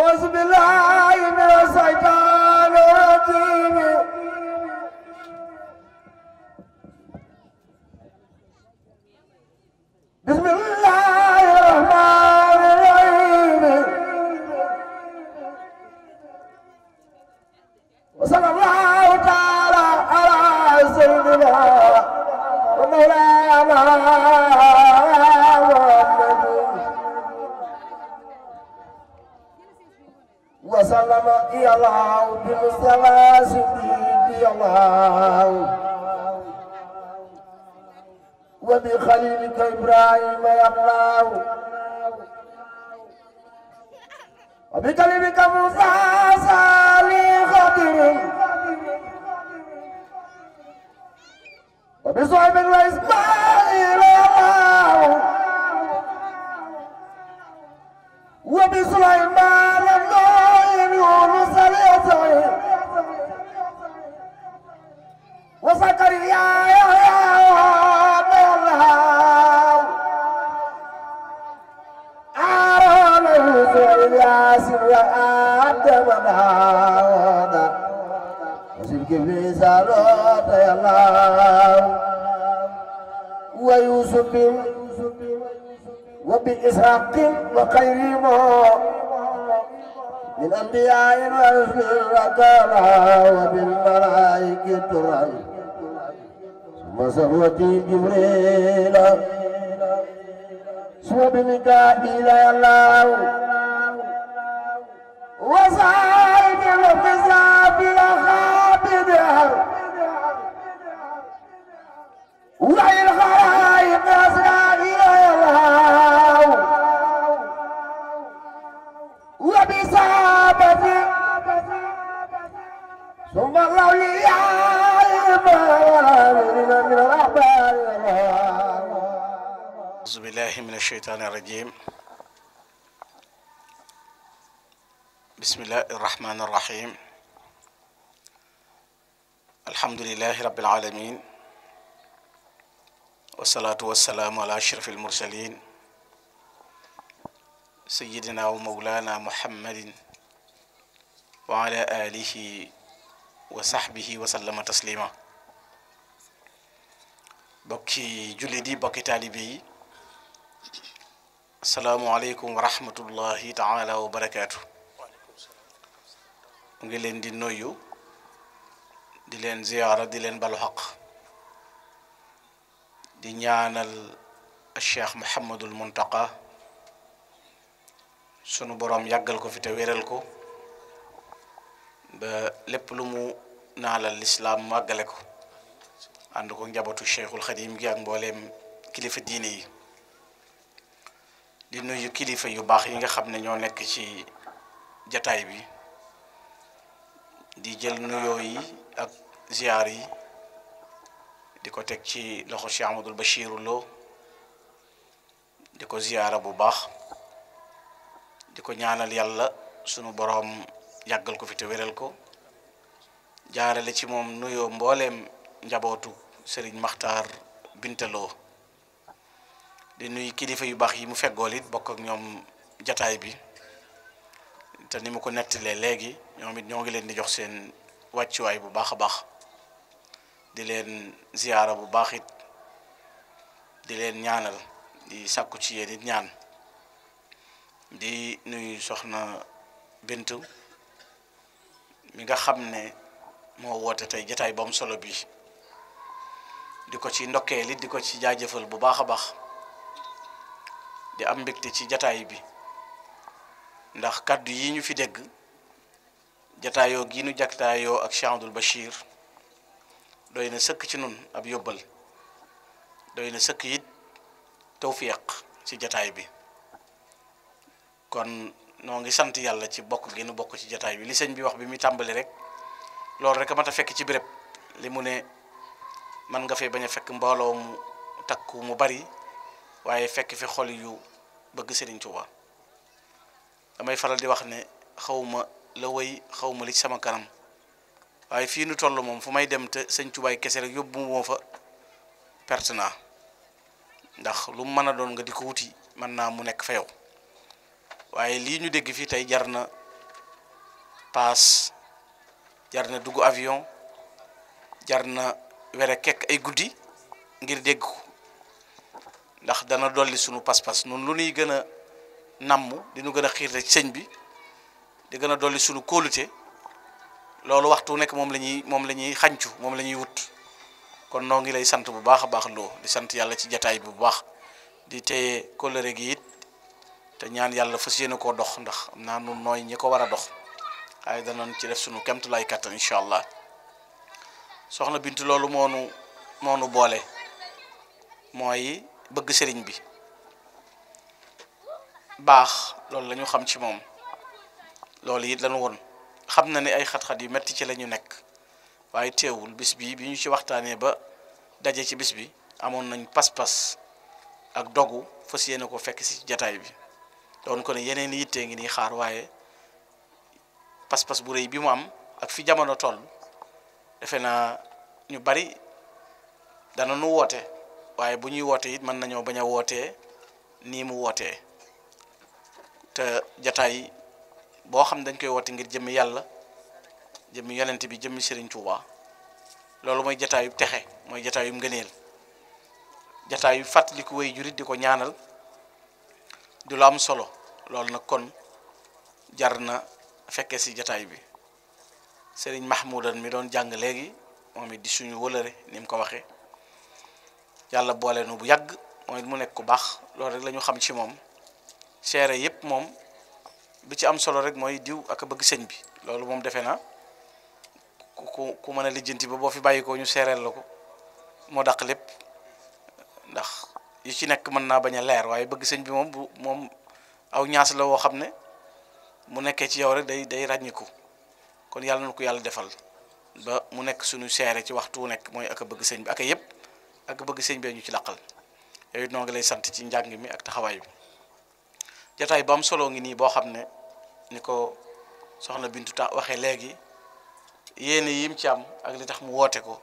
أعوذ بالله أعوذ بالله من الشيطان الرجيم بسم الله الرحمن الرحيم الحمد لله رب العالمين والصلاة والسلام على أشرف المرسلين سيدنا ومولانا محمد وعلى آله وصحبه وسلم تسليما bokki jullit yi bokki taalibe yi asalaamualeykum wa rahmatullahi taala wa barakaatu mu ngi leen di nuyu di leen ziyaara di leen balu xaq di ñaanal cheikh Mouhamadul Muntaqa sunu boroom yàggal ko fi te wéral ko ba lépp lu mu naalal lislaam màggale ko ànd ko njabootu cheikhul xadim gi ak mbooleem kilifa diine yi di nuyu kilifa yu baax yi nga xam ne ñoo nekk ci jataay bi di jël nuyoo yi ak ziar yi di ko teg ci loxo Cheikh ba Bachir Lo di ko ziara bu baax di ko ñaanal yàlla sunu boroom yàggal ko fi te weral ko jaarale ci moom nuyoo mbooleem njabootu Serigne maxtar Bintaloo di nuy kilifa yu baax yi mu feggool it bokk ak ñoom jataay bi te ni mu ko nettalee léegi ñoom it ñoo ngi leen di jox seen wàccuwaay bu baax a baax di leen ziyaara bu baax it di leen ñaanal di sàkku ci yéen ñaan di nuyu soxna Bintu mi nga xam ne moo woote tey jataay ba mu solo bi di ko ci ndokkeel it di ko ci jaajëfal bu baax a baax di am mbégte ci jataay bi ndax kàddu yi ñu fi dégg jataayoo gi nu jataayoo ak Cheikh Abdoul Bachir doy na sëkk ci nun ab yóbbal doy na sëkk it tawfiq ci jataay bi kon noo ngi sant yàlla ci bokk gi nu bokk ci jataay bi li sëñ bi wax bi muy tàmbali rek loolu rek a mat a fekk ci béréb li mu ne man nga fee bañ a fekk mbooloo mu takku mu bari waaye fekk fi xol yu bëgg Sëriñ Tuuba damay faral di wax ne xawma la woy xawma li ci sama kanam waaye fii nu toll moom fu may dem te sëñ Tuubaay kese rek yóbbu moo fa perte naa ndax lu mu mën a doon nga di ko wuti man naa mu nekk fa yow waaye lii ñu dégg fii tey jar na paas jar na dugg avion jar na were kekk ay guddi ngir dégg ko ndax dana dolli suñu pas-pas nun lu nuy gën a namm di nu gën a xiirte ci sëñ bi di gën a dolli sunu kóolute loolu waxtu nekk moom la ñuy moom la ñuy xancu moom la ñuy wut kon noo ngi lay sant bu baax a baax loo di sant yàlla ci jataay bi bu baax di téye kóllëre gi it te ñaan yàlla fas yéene koo dox ndax am naa nun nooy ñi ko war a dox waaye danañ ci def suñu kemt lay kattan incha allah soxna Bintu loolu moonu moonu boole mooy bëgg sëriñ bi baax loolu lañu xam ci moom loolu it lañu woon xam na ne ay xat-xat yu metti ci la ñu nekk waaye teewul bis bi bi ñu ci waxtaanee ba daje ci bis bi amoon nañ pas-pas ak dogu fas yéene ko fekk si jataay bi doon ko ne yeneen yittee ngi nii xaar waaye pas-pas bu rëy bi mu am ak fi jamono toll defe naa ñu bari dana nu woote waaye bu ñuy wootee it mën nañoo bañ a wootee nii mu wootee te jataay boo xam dañ koy woote ngir jëmmi yàlla jëmm yonent bi jëmmi Serigne Touba loolu mooy jataayub texe mooy jataayub ngëneel jataayu fàttali ku way jurit di ko ñaanal du la am solo loolu nag kon jar na fekkee si jataay bi sëriñ Mahmoudan mi doon jàng léegi moom it di suñu wëlëre ni mu ko waxee yàlla boole nu bu yàgg mooy mu nekk ku baax loolu rek la ñu xam ci moom seere yëpp moom bu ci am solo rek mooy diw ak bëgg sëñ bi loolu moom defe na ku ku mën a lijjanti ba boo fi bàyyi ñu seereel la ko moo daq lépp ndax yu ci nekk mën naa bañ a leer waaye bëgg sëñ bi moom bu moom aw ñaas la woo xam ne mu nekkee ci yow rek day day ràññiku kon yàlla na ko yàlla defal ba mu nekk suñu seere ci waxtu nekk mooy ak a bëgg sëñ bi ak a yëpp ak bëgg sëñ bee ñu ci laqal yooyu noo ngi lay sant ci njàng mi ak taxawaay bi jataay bu am solo ngi nii boo xam ne ni ko soxna Bintu ta waxee léegi yéene yim ci am ak li tax mu woote ko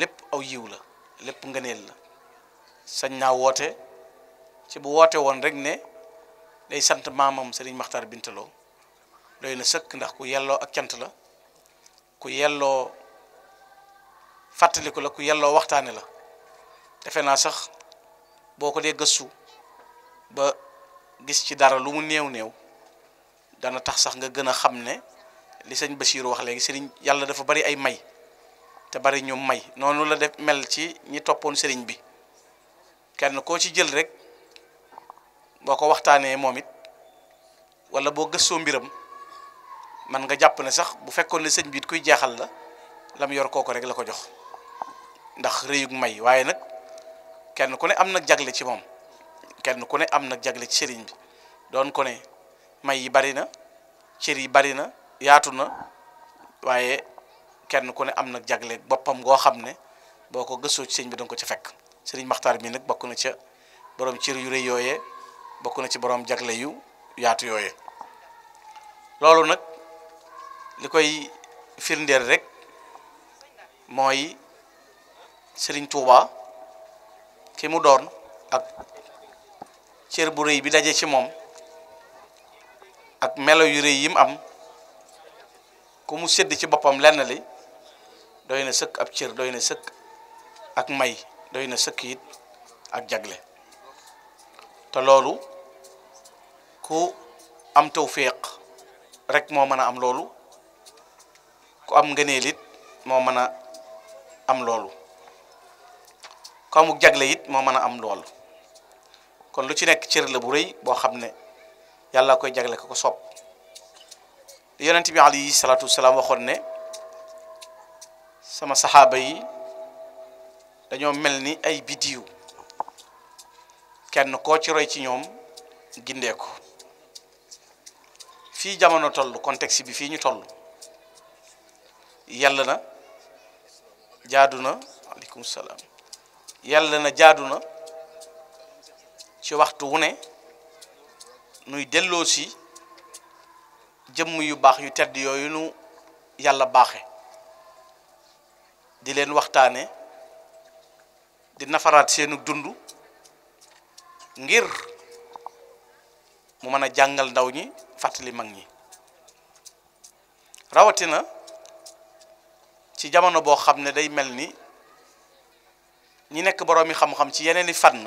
lépp aw yiw la lépp nga ngëneel la sañ naa woote ci bu woote woon rek ne day sant maamam Sëriñ Maxtar Bintaloo doy na sëkk ndax ku yelloo ak cant la ku yelloo fàttaliku la ku yelloo waxtaane la defe naa sax boo ko dee gëstu ba gis ci dara lu mu néew néew dana tax sax nga gën a xam ne li sëñ Bachir wax léegi sëriñ yàlla dafa bari ay may te bari ñu may noonu la def mel ci ñi toppoon sëriñ bi kenn koo ci jël rek boo ko waxtaanee moom it wala boo gëstoo mbiram man nga jàpp ne sax bu fekkoon ne sëñ bi kuy jeexal la lam yor kooku rek la ko jox ndax rëyug may waaye nag kenn ku ne am na jagle ci moom kenn ku ne am na jagle ci sëriñ bi doon ko ne may yi bari na cër yi bari na yaatu na waaye kenn ku ne am na jagle boppam goo xam ne boo ko gëstoo ci sëriñ bi danga ko ci fekk sëriñ Maxtaar mi nag bokk na ca borom cër yu rëy yooyee bokk na ci borom jagle yu yaatu yooyee loolu nag li koy firndeel rek mooy sëriñ Touba ki mu doon ak cër bu rëy bi daje ci moom ak melo yu rëy yi mu am ku mu sedd ci boppam lenn li doy na sëkk ab cër doy na sëkk ak may doy na sëkk it ak jagle te loolu ku am te tawféex rekk moo mën a am loolu ku am ngëneel it moo mën a am loolu ku jagle it moo mën a am loolu kon lu ci nekk cër la bu rëy boo xam ne yàllaa koy jagle ko ko sopp yonent bi salaatu wasalaam waxoon ne sama saxaaba yi dañoo mel ni ay bidiw kenn koo ci roy ci ñoom gindeeku fii jamono toll contexte bi fii ñu toll yàlla na jaadu na aleykum salaam yàlla na jaadu na ci waxtu wu ne nuy delloosi si jëmm yu baax yu tedd yooyu nu yàlla baaxe di leen waxtaane di nafaraat seenu dund ngir mu mën a jàngal ndaw ñi fàttali mag ñi rawatina ci jamono boo xam ne day mel ni ñi nekk boroomi xam-xam ci yeneen i fànn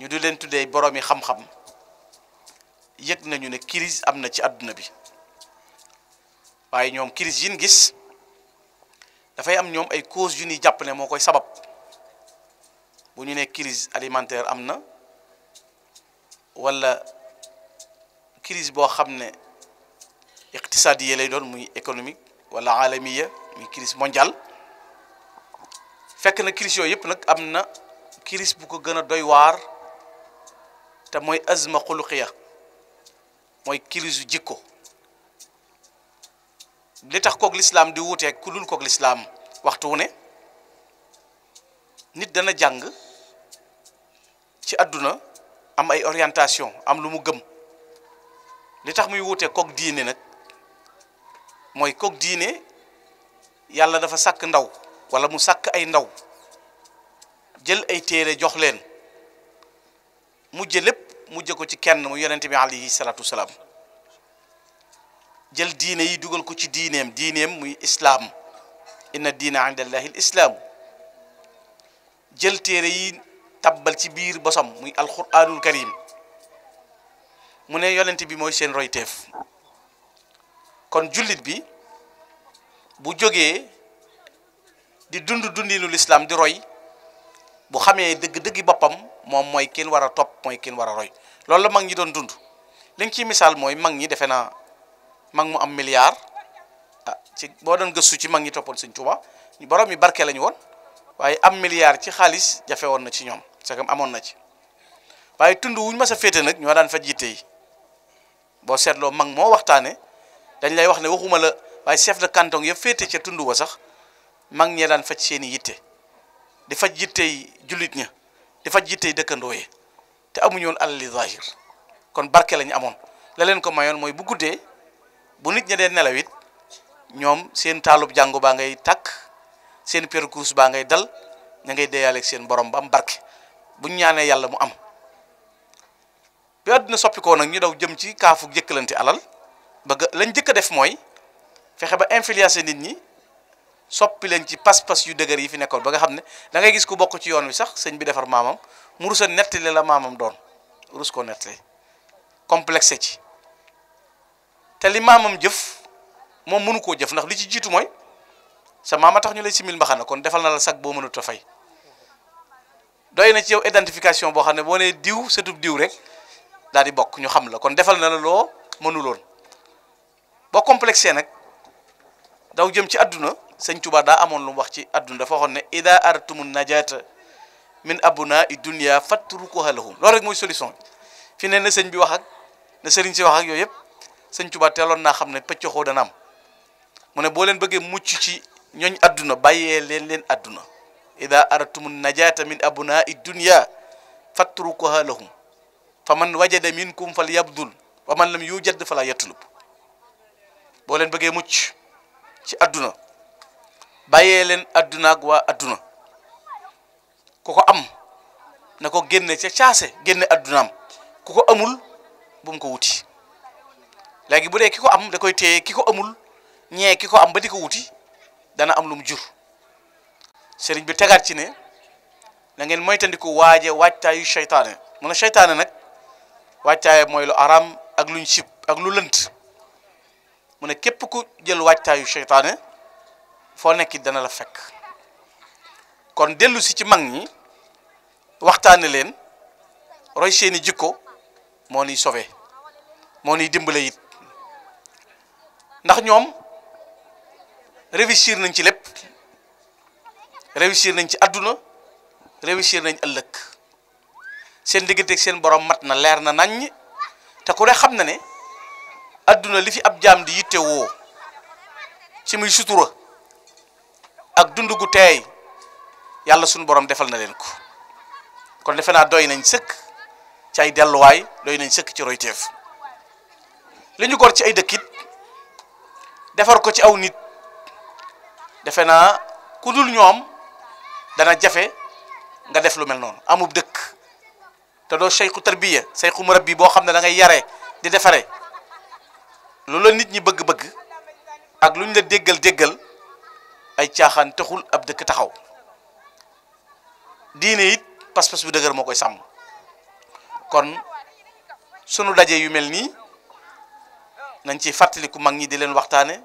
ñu di leen tuddee boroomi xam-xam yëg nañu ne crise am na ci àdduna bi waaye ñoom crise yin gis dafay am ñoom ay cause yu ni jàpp ne moo koy sabab bu ñu ne crise alimentaire am na wala crise boo xam ne iqtisaadiye lay doon muy économique wala alamiya muy crise mondiale fekk na crise yooyu yëpp nag am na crise bu ko gën a doy waar te mooy azma xuluqiya mooy crise yu jikko li tax kook lislaam di wuuteeg ku lul kook lislaam waxtu wu ne nit dana jàng ci àdduna am ay orientation am lu mu gëm li tax muy wuuteeg kook diine nag mooy koog diine yàlla dafa sàkk ndaw wala mu sakk ay ndaw jël ay téere jox leen mujje lépp mujje ko ci kenn mu yonente bi alayhi salaatu salaam jël diine yi dugal ko ci diineem diineem muy islaam inna diina inda allahi jël téere yi tabbal ci biir bosam muy alquranul karim mu ne yonent bi mooy seen royteef kon jullit bi bu jógee di dund dundinu lislaam di roy bu xamee dëgg-dëggi boppam moom mooy kin war a topp mooy kin war a roy loolu la mag ñi doon dund li nga ciy misaal mooy mag ñi defe naa mag mu am milliard ah ci boo doon gëstu ci mag ñi toppoon Sëñ Tuubaa ñu borom yi barke la ñu woon waaye am milliard ci xaalis jafe woon na ci ñoom sagam amoon na ci waaye tund wuñ ma sa féete nag ñoo daan fa jiite yi boo seetloo mag moo waxtaane dañ lay wax ne waxuma la waaye chef de canton yëpp féete ca tund wa sax mag ñee daan faj seen i yitte di faj yittey jullit ña di faj yittey dëkkandoo yi te amuñu woon alali zahir kon barke lañu amoon la ko mayoon mooy bu guddee bu nit ña dee nelaw ñoom seen taalu jàngu baa ngay takk seen perkuus baa ngay dal ña ngay deeyaaleeg seen borom ba am barke buñ ñaanee yàlla mu am bi àdduna soppikoo nag ñu daw jëm ci kaafu lante alal bëgg lañ jëkk a def mooy fexe ba influencer nit ñi soppi leen ci pas-pas yu dëgër yi fi nekkoon ba nga xam ne da ngay gis ku bokk ci yoon wi sax sëñ bi defar maamam mu rus a nettali la maamam doon rus koo nettali complexe ci te li maamam jëf moom mënu koo jëf ndax li ci jiitu mooy sa maama tax ñu lay simil mbaxana kon defal na la sag boo mënut a fay doy na ci yow identification boo xam ne boo nee diw sëtub diw rek daal di bokk ñu xam la kon defal na la loo mënuloon boo complexé nag daw jëm ci àdduna sëñ Tuba daa amoon lu wax ci adduna dafa waxoon ne ida artumu najata min abuna i duniya fatrukuha ko loolu rek mooy solution fi ne na sëñ bi wax ak na si wax ak yooyu yëpp sëñ teeloon naa xam ne pëccoxoo dana am mu ne boo leen bëggee mucc ci ñooñ adduna bàyyee leen leen adduna ida aratumu najata min abuna i dunia fatrukuha lahum fa man wajada minkum fal yabdul wa man lam yujad fala yatlub boo leen bëggee mucc ci adduna bàyyee leen adduna ak waa adduna ku ko am na ko génne ca caase génne addunaam ku ko amul bu ko wuti léegi bu dee ki ko am da koy téye ki ko amul ñee ki ko am ba di ko wuti dana am lu mu jur sëriñ bi tegaat ci ne na ngeen moytandiku waaje waajtaayu seytaane mu ne seytaane nag waajtaaye mooy lu araam ak luñ sib ak lu lënt mu ne képp ku jël waajtaayu seytaane foo nekk dana la fekk kon dellu si ci mag ñi waxtaane leen roy seeni jikko moo niy sauvé moo niy dimbale it ndax ñoom réussir nañ ci lépp réussir nañ ci àdduna réussir nañ ëllëg seen digganteeg seen borom mat na leer na naññ te ku ne xam na ne àdduna li fi ab jaam di yitte woo ci muy sutura ak dund gu teey yàlla sunu borom defal na leen ko kon defe naa doy nañ sëkk ci ay delluwaay doy nañ sëkk ci royteef li ñu gor ci ay dëkkit defar ko ci aw nit defe naa ku dul ñoom dana jafe nga def lu mel noonu amub dëkk te doo sayku tarbiya sayku murabbi boo xam ne dangay yare di defare lu la nit ñi bëgg-bëgg ak lu ñu la déggal déggal ay caaxaan taxul ab dëkk taxaw diine it pas-pas bu dëgër moo koy sàmm kon sunu daje yu mel nii nañ ci fàttaliku mag ñi di leen waxtaane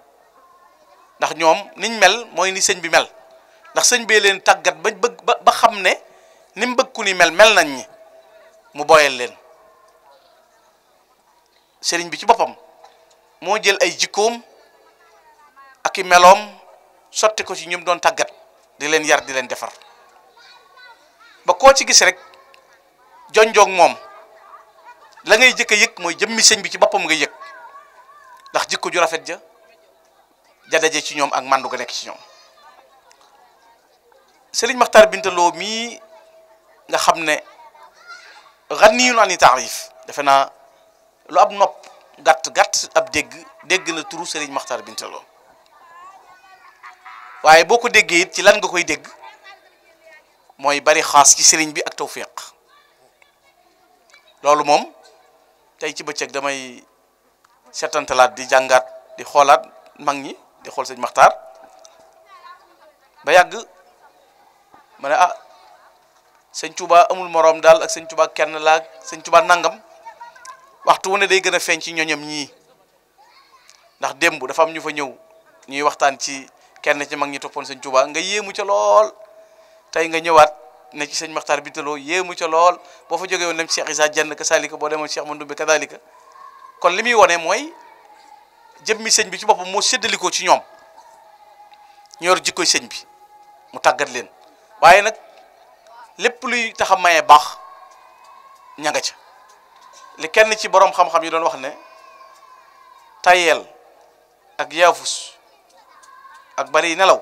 ndax ñoom niñ mel mooy ni sëñ bi mel ndax sëñ bee leen tàggat ba bëgg ba xam ne ni mu bëgg ku ni mel mel nañ ñi mu boyal leen sëriñ bi ci boppam moo jël ay jikkoom ak i meloom sotti ko ci ñum doon tàggat di leen yar di leen defar ba koo ci gis rek jonjoog moom la ngay jëkk a yëg mooy jëmmi sëñ bi ci boppam nga yëg ndax jikko ju rafet ja ja daje ci ñoom ak màndu ga nekk ci ñoom Serigne Makhtar Binta Lo mii nga xam ne xanniyun ani taarif defe naa loo ab nopp gàtt gàtt ab dégg dégg na turu Serigne Makhtar Binta Lo waaye boo ko déggee it ci lan nga koy dégg mooy bari xaas ci sëriñ bi ak taw tawfiq loolu moom tey ci bëccëg damay setantalaat di jàngaat di xoolaat mag ñi di xool sëñ Maxtaar ba yàgg ma ne ah sëñ Touba amul moroom daal ak sëñ Touba kenn laa sëñ nangam waxtu wu ne day gën a feeñ ci ñoñam ñii ndax démb dafa am ñu fa ñëw ñuy waxtaan ci kenn ci mag ñi toppoon sëñ Tuuba nga yéemu ca lool tey nga ñëwaat ne ci sëñ Maxtaar Bintaloo yéemu ca lool boo fa jógee woon dem Cheikh Isa Jenn kasaalika boo demoon Cheikh Mandumbe kasaalika kon li muy wone mooy mi sëñ bi ci boppa moo séddalikoo ci ñoom ñu yor jikkoy sëñ bi mu tàggat leen waaye nag lépp luy taxa a baax ña nga ca li kenn ci boroom xam-xam yi doon wax ne tayeel ak yaafus ak bari nelaw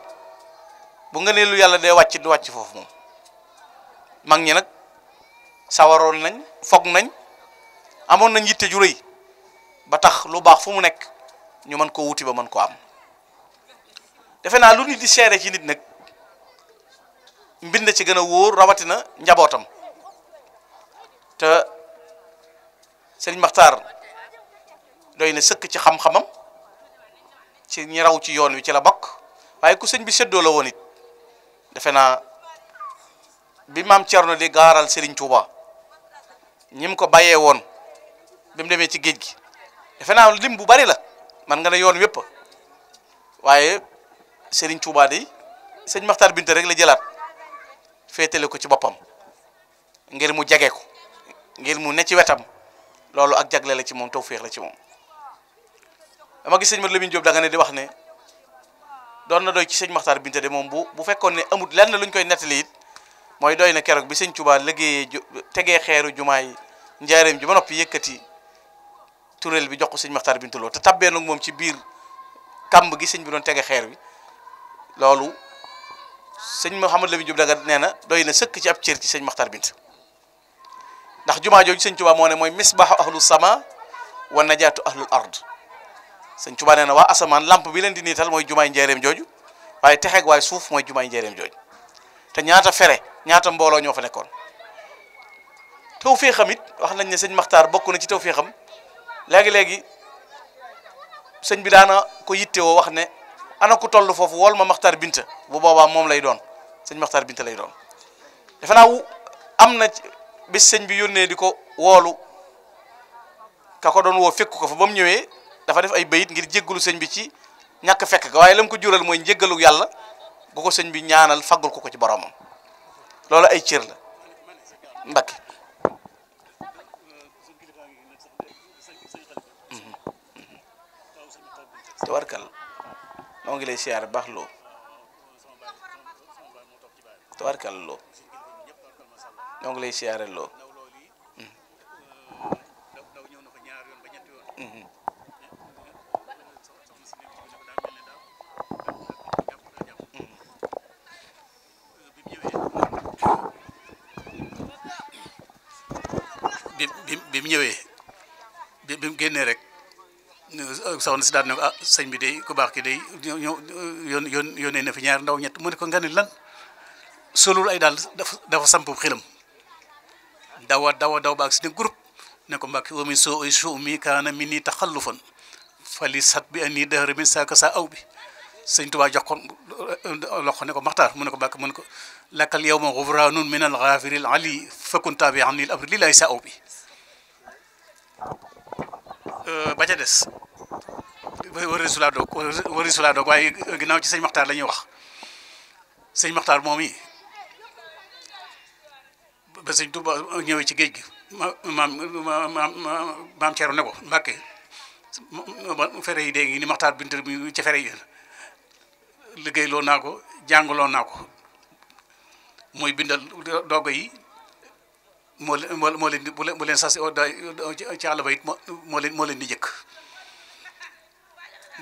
bu nga nee lu yàlla dee wàcc du wàcc foofu moom mag ñi nag sawaroon nañ foog nañ amoon nañ yitte ju rëy ba tax lu baax fu mu nekk ñu mën ko wuti ba mën koo am defe naa lu nit di seere ci nit nag mbind ci gën a wóor rawatina njabootam te sëriñ Maxtaar doy na sëkk ci xam-xamam ci ñi raw ci yoon wi ci la bokk waaye ku sëñ bi séddoo la woon it defe naa bi maam Cerno di gaaral Serigne Touba ñi mu ko bàyyee woon bi demee ci géej gi defe naa lim bu bari la man nga ne yoon wépp waaye Serigne Touba di sëñ Maxtaar Binte rek la jëlaat féetale ko ci boppam ngir mu jege ko ngir mu ne ci wetam loolu ak jagle la ci moom tawféex la ci moom dama gis sëñ Mat Lamin Jóob da ne di wax ne. doon na doy ci señ maxtar Binte de moom bu bu fekkoon ne amut lenn luñ koy nettali mooy doy na keroog bi sëñ Tuubaa liggéeyee ju tegee xeeru jumaay njaareem ji ba noppi yëkkati tureel bi jox ko sëñ Maxtaar Binte Lo moom ci biir kàmb gi sëñ bi doon tege xeer bi loolu sëñ Mouhamadou Lamine Diop Dagana nee na doy na sëkk ci ab cër ci señ maxtar Binte ndax jumaa jooju sëñ Tuubaa moo ne mooy misbaaxu ahlus sama wa najaatu ahlul ard sëñ Tuubaa nee na waa asamaan lamp bi leen niital mooy jumaay njeereem jooju waaye texeeg waaye suuf mooy jumaay njeereem jooju te ñaata fere ñaata mbooloo ñoo fa nekkoon taw fee xam wax nañ ne sëñ Maxtaar bokk na ci taw fee xam léegi-léegi sëñ bi daana ko yittewoo wax ne ana ku toll foofu wool ma Maxtaar Binta bu boobaa moom lay doon sëñ Maxtaar Binta lay doon defe naa am na bis sëñ bi yónnee di ko woolu ka doon woo fekku ko fa ba mu ñëwee dafa def ay bayit ngir jéggalu sëñ bi ci ñàkk fekk ga waaye lam ko jural mooy njéggalu yàlla bu ko sëñ bi ñaanal faggul ko ko ci boromam loolu ay ciir la Mbakke. Mm-hmm. tawarkal noo ngi lay siyaar baax loo tawarkal loo noo ngi lay siyaare loo. Mm-hmm. Mm-hmm. ñëwee bi bi mu génnee rek soxna si daal ne ko ah bi day ku baax ki day yoon yoon yónnee na fi ñaar ndaw ñett mu ne ko nga ne lan solul ay daal dafa dafa samp xilam dawa dawa daw ba ak si groupe ne ko mbàkk omi soo ay suu mi kaana mi nii taxallufan fali sat bi ani dëhër bi saaka saa aw bi sëñ jox ko loxo ne ko maxtaar mu ne ko mbàkk mu ne ko lakkal yow ma xufraanun min al xaafiril ali fakkuntaa xam niil abri li saa aw Euh, ba ca des wari su laa doog wari su waaye euh, ginnaaw ci sëñ Maxtaar la ñuy wax sëñ Maxtaar moom yi ba sëñ Tuuba ñëwee ci géej gi maam maam maam Ceerno ne ko Mbàkke fere yi dee ngi ni Maxtaar Binta mi ci fere yi liggéey naa ko jàngaloo naa ko mooy bindal doogo yi moo leen moo leen di bu leen sas ci àll moo leen moo leen di jëkk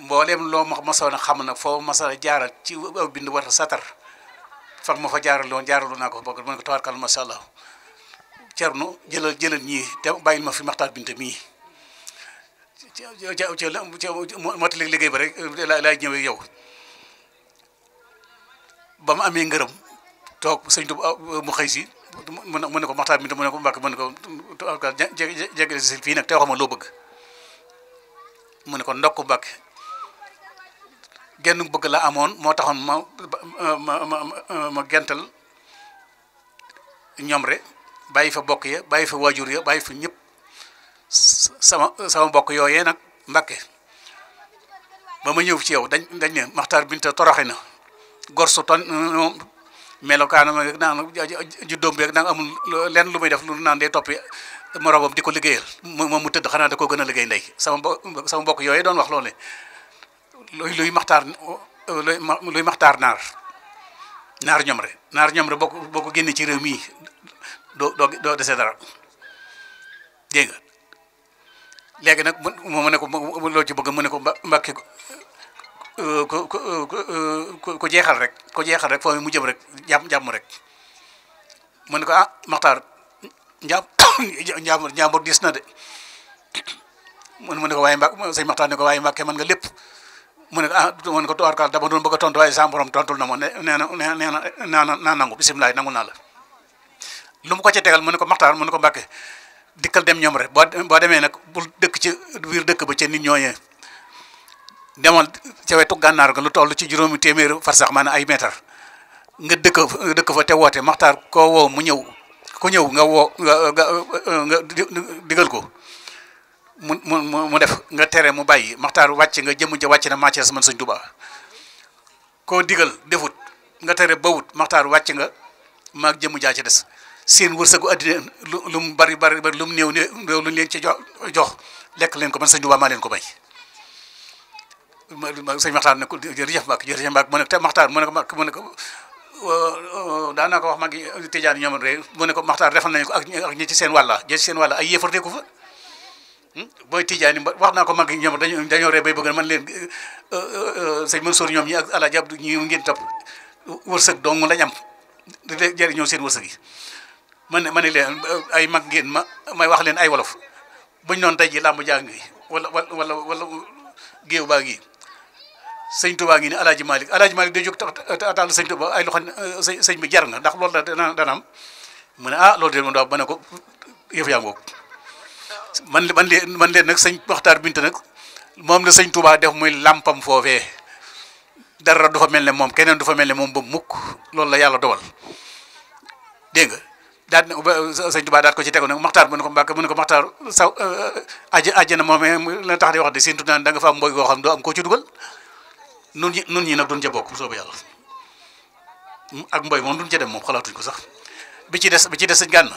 mbooleem loo ma masoon a xam na foo mas jaaral ci aw bind war a satar fan ma fa jaaraloon jaaraloon naa ko fa bokk mën ko tawarkal macha allah cernu jëlal ñii te bàyyil ma fi maxtaar binte mii ci ci motali liggéey ba rek laay ñëwee yow ba mu amee ngërëm toog sëñ Tuubaa mu xëy si mu ne mu ne ko maxtaar mi mu ne ko mbàkk mu ne ko jéggi si fii nag te waxuma loo bëgg mu ne ko ndokk mbàkk genn bëgg la amoon moo taxoon ma ma ma ma gental ñoom rek bàyyi fa bokk ya bàyyi fa waajur ya bàyyi fa ñëpp sama sama bokk yooyee nag mbakke ba ma ñëw ci yow dañ dañ ne maxtaar binta toroxe na melo melokaanam rek naan juddoom bi rek naan amul lenn lu muy def lu naan day toppi moroomam di ko liggéeyal moom mu tëdd xanaa da koo gën a liggéey ndey sama sama mbokk yooyu doon wax loolu luy luy maxtaar luy maxtaar naar naar ñoom rek naar ñoom rek bokk bokk boo ci réew mii doo doo doo desee dara dégg nag mu mu ne ko loolu ci bëgg mu ne ko mbàkki Euh, euh, euh, ku ku jeexal rek ko jeexal rek foo mu jëm rek jàmm jàmm rek mu ne ko ah Maxtaar njàmm njàmm njàmbur na de mu ne ko waaye Mbàkke sëñ Maxtaar ne ko waaye Mbàkke mën nga lépp mu nekk a ah mu ne ko tubaarkaal dama doon bëgg a tontu waaye sa borom tontul na ma nee na nee na naa naa nangu bisimilah nangul lu mu ko ci tegal mu ne ko Maxtaar mu ne ko Mbàkke dikkal dem ñoom rek boo boo demee nag bul dëkk ci biir dëkk ba ca nit ñooñee. demal ca wetu gànnaar ga lu lu ci juróomi far sax maanaam ay meetar nga dëkk dëkk fa te woote maxtaar koo woo mu ñëw ku ñëw nga woo nga digal ko mu mu mu def nga tere mu bàyyi maxtaar wàcc nga jëmu ja wàcc na màccees man suñ Tuubaa koo digal defut nga tere bawut maxtaar wàcc nga maag jëmu jaa ci des seen wërsëgu addina lu mu bari bari lu mu néew néew lu leen ci jox lekk leen ko man suñ Tuubaa maa leen ko bay sëñ Maxtaar ne ne te Maxtaar mu ne ko Mbàkke mu ne ko euh, euh, daanaa ko wax mag yi euh, Tijaan ñoom rek mu ne ko Maxtaar defal nañu ko ak ñi ci seen wàlla ñi ci seen wàlla ay hmm? booy Tijaan yi wax naa ko mag yi ñoom dañoo dañoo ree bay bëgg man leen sëñ Mansour ñoom ñi ak Alaaji Abdu ñi ngeen topp wërsëg dong lañ am di jëriñoo seen wërsëg yi man ma ne leen ay mag ngeen ma may wax leen ay wolof buñ noonu tey ji làmb jàng yi wala wala walla baa gi sëñ Tuba ngi ni alaaji Malick alaaji Malick day jóg taxataal sëñ Tuba ay loxo eh, sëñ bi jar nga ndax loolu la dana dana am mu ne ah loolu de moom daaw ba ne ko yëf yaa ngoog man man leen man leen nag sëñ waxtaar binte nag moom la sëñ Tuba def muy làmpam foofee dara du fa mel ne moom keneen du mel ne moom ba mukk loolu la yàlla dogal dégg nga daal ne sëñ daal ko ci tegoon nag maxtaar mu ne ko mbàkk mu ne ko maxtaar saw àjj eh, eh, àjjana moom la tax di wax de sëñ Tuba da nga fa am mbooy goo xam doo am koo ci dugal nun ñi nun ñi nag duñ ca bokk bu soobee yàlla ak mboy moom duñ ca dem moom xalaatuñ ko sax bi ci des bi ci des sëñ gànn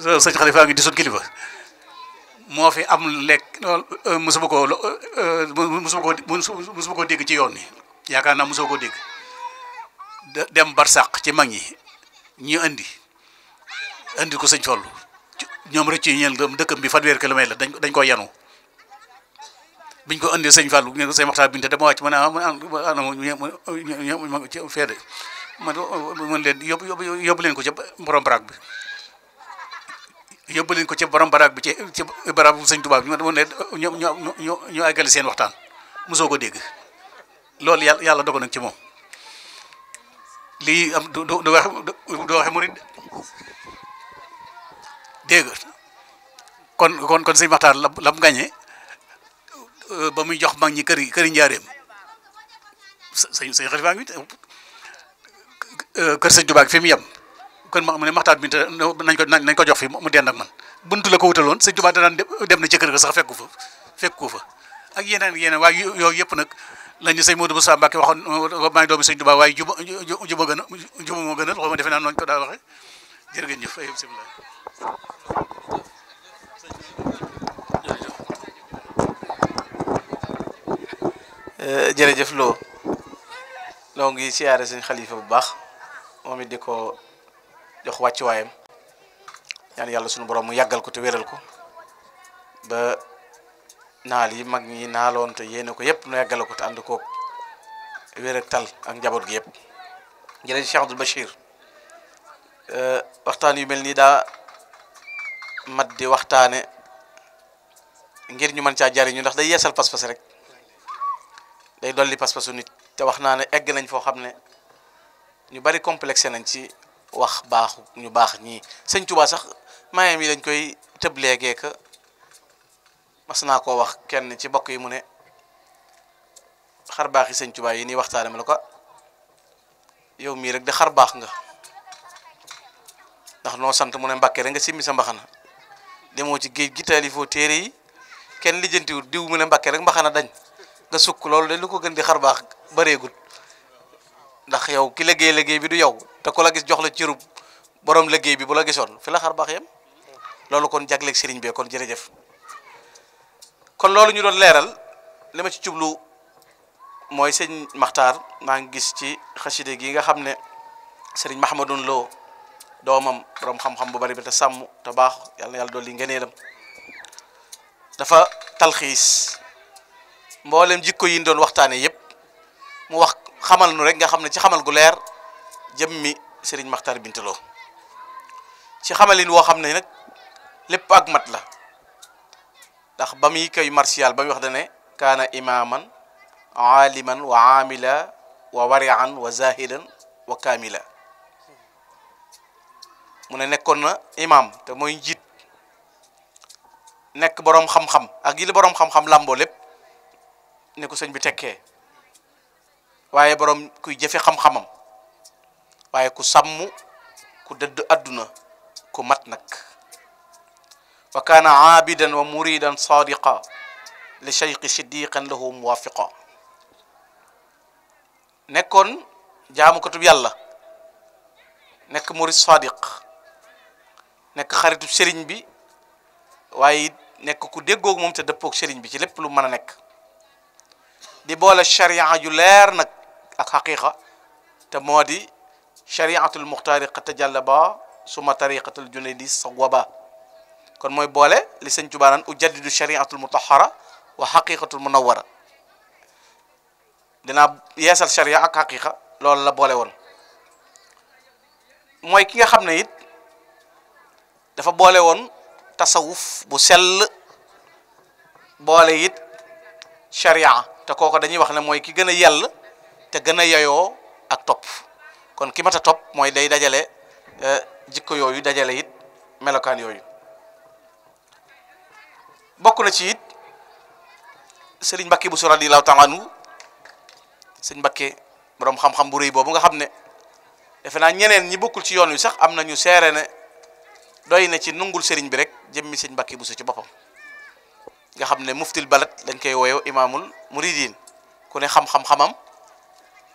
sëñ xalifa ngi di suñ kilifa moo fi am lekk euh, mosuma koo euh, euh, mosuma koo mosuma koo dégg ci yoon ni yaakaar naa mosoo koo dégg dem barsàq ci mag ñi ñu indi indi ko sëñ Fallu ñoom rëcc yi ñeel dëkkam bi fanweeri kilomètre la dañ dañ ko yenu biñ ko andee sëñ Fallou ne ko sëñ Maxtaar Binte dama wàcc ma ne ah ma ah, ma ci fee de man man leen yóbbu ko ca borom baraag bi yóbbu leen ko ca borom baraag bi ci baraag bu sëñ bi ma ne ñu ñu ñu seen waxtaan mosoo ko dégg loolu yàlla yàlla dogal nag ci moom lii am du du du waxe kon kon kon sëñ la lam gañee Euh, ba muy jox mag ñi kër yi kër yi njaareem sëñ sëñ xalifa ngi euh, kër sëñ Tuubaa fi mu yem kon ma mu ne maxtaat bi nañ ko nañ ko jox fi mu dend ak man buntu la ko wutaloon sëñ Tuubaa danaan dem na ci kër ga sax fekku fa fekku fa ak yeneen yeneen waaye yooyu yëpp nag lañu sëñ moo Moussa Mbacke waxoon euh, maa ngi doomi sëñ Tuubaa waaye juba juba gën a juba moo gën a xaw ma defe naa noonu ko daa waxe jërë ngeen jëf Euh, jërëjëf loo loo ngi siyaare sëñ xalifa bu baax moom it di ko jox wàccuwaayam ñaan yàlla sunu borom mu yàggal ko te wéral ko ba naal yi mag ñi naaloon te yéene ko yëpp nu yàggale ko te ànd koog wér tal ak njaboot gi yëpp jërëjëf Cheikh Abdoul Bachir euh, waxtaan yu mel nii daa mat di waxtaane ngir ñu mën caa jariñu ndax day yeesal pas-pas rek day dolli pas-pasu nit te wax naa ne egg nañ foo xam ne ñu bari complexé nañ ci wax baaxu ñu baax ñii sëñ Tuubaa sax maayam yi dañ koy tëb léegeeka mas naa koo wax kenn ci bokk yi mu ne xar baax yi sëñ Tuubaa yi nii waxtaane ma ko yow mii rek de xar baax nga ndax noo sant mu ne mbakke rek nga simmi sa mbaxana demoo ci géej gi taalifoo téere yi kenn lijjantiwul diw mu ne mbakke rek mbaxana dañ nga sukk loolu de lu ko gën di xar baax bareegut ndax yow ki liggéey liggéey bi du yow te ku la gis jox la cërub boroom liggéey bi bu la gisoon fi la xar baax yem loolu kon jagleeg sëriñ bee kon jërëjëf kon loolu ñu doon leeral li ma ci jublu mooy sëñ Maxtaar maa ngi gis ci xaside gi nga xam ne sëriñ Mahmadun Lo doomam borom xam-xam bu bari bi te sàmm te baax yàlla na yàlla dolli ngëneelam dafa talxiis mboole jikko yi ñu doon waxtaanee yëpp mu wax xamal nu rek nga xam ne ci xamal gu leer jëmmi Serigne Makhtar Binta Lo ci xamalin woo xam ne nag lépp ak mat la ndax ba muy koy martial ba muy wax da ne kaana imaaman aaliman wa aamila wa zahidan wa kaamila mu ne nekkoon na imaam te mooy njiit nekk boroom xam-xam ak yi la boroom xam-xam làmboo lépp ne ko sëñ bi tekkee waaye borom kuy jëfe xam-xamam waaye ku sàmm ku dëdd adduna ku mat nag wa kaana aabidan wa muridan sadiqa li cheikhi siddiqan lahu muwafiqa nekkoon jaamukatub yàlla nekk murid sadiq nekk xaritub sëriñ bi waaye nekk ku déggoog moom te dëppoog sëriñ bi ci lépp lu mën a nekk di boole sharia ju leer nag ak xaqiqa te moo di shariatul muxtaari xata jàlla ba suma tariqatul junaydi sawaba kon mooy boole li sëñ Tuubaa naan ujaddidu shariatul mutahara wa xaqiqatul munawara dinaa yeesal sharia ak xaqiqa loolu la boole woon mooy ki nga xam ne it dafa boole woon tasawuf bu sell boole it sharia te kooko dañuy wax ne mooy ki gën a yell te gën a yeyoo ak topp kon ki mat a topp mooy day dajale eh, jikko yooyu dajale it melokaan yooyu bokk na ci it sëriñ Mbakke Bousso radiyallaahu taala anhu sëriñ Mbakke boroom xam-xam bu rëy boobu nga xam ne defe naa ñeneen ñi bokkul ci yoon wi sax am na ñu seere ne doy na ci nungul sëriñ bi rek jëmmi sëriñ Mbakke Bousso ci boppam. nga xam ne muftil balad dañ koy woyoo imaamul muridin ku ne xam-xam xamam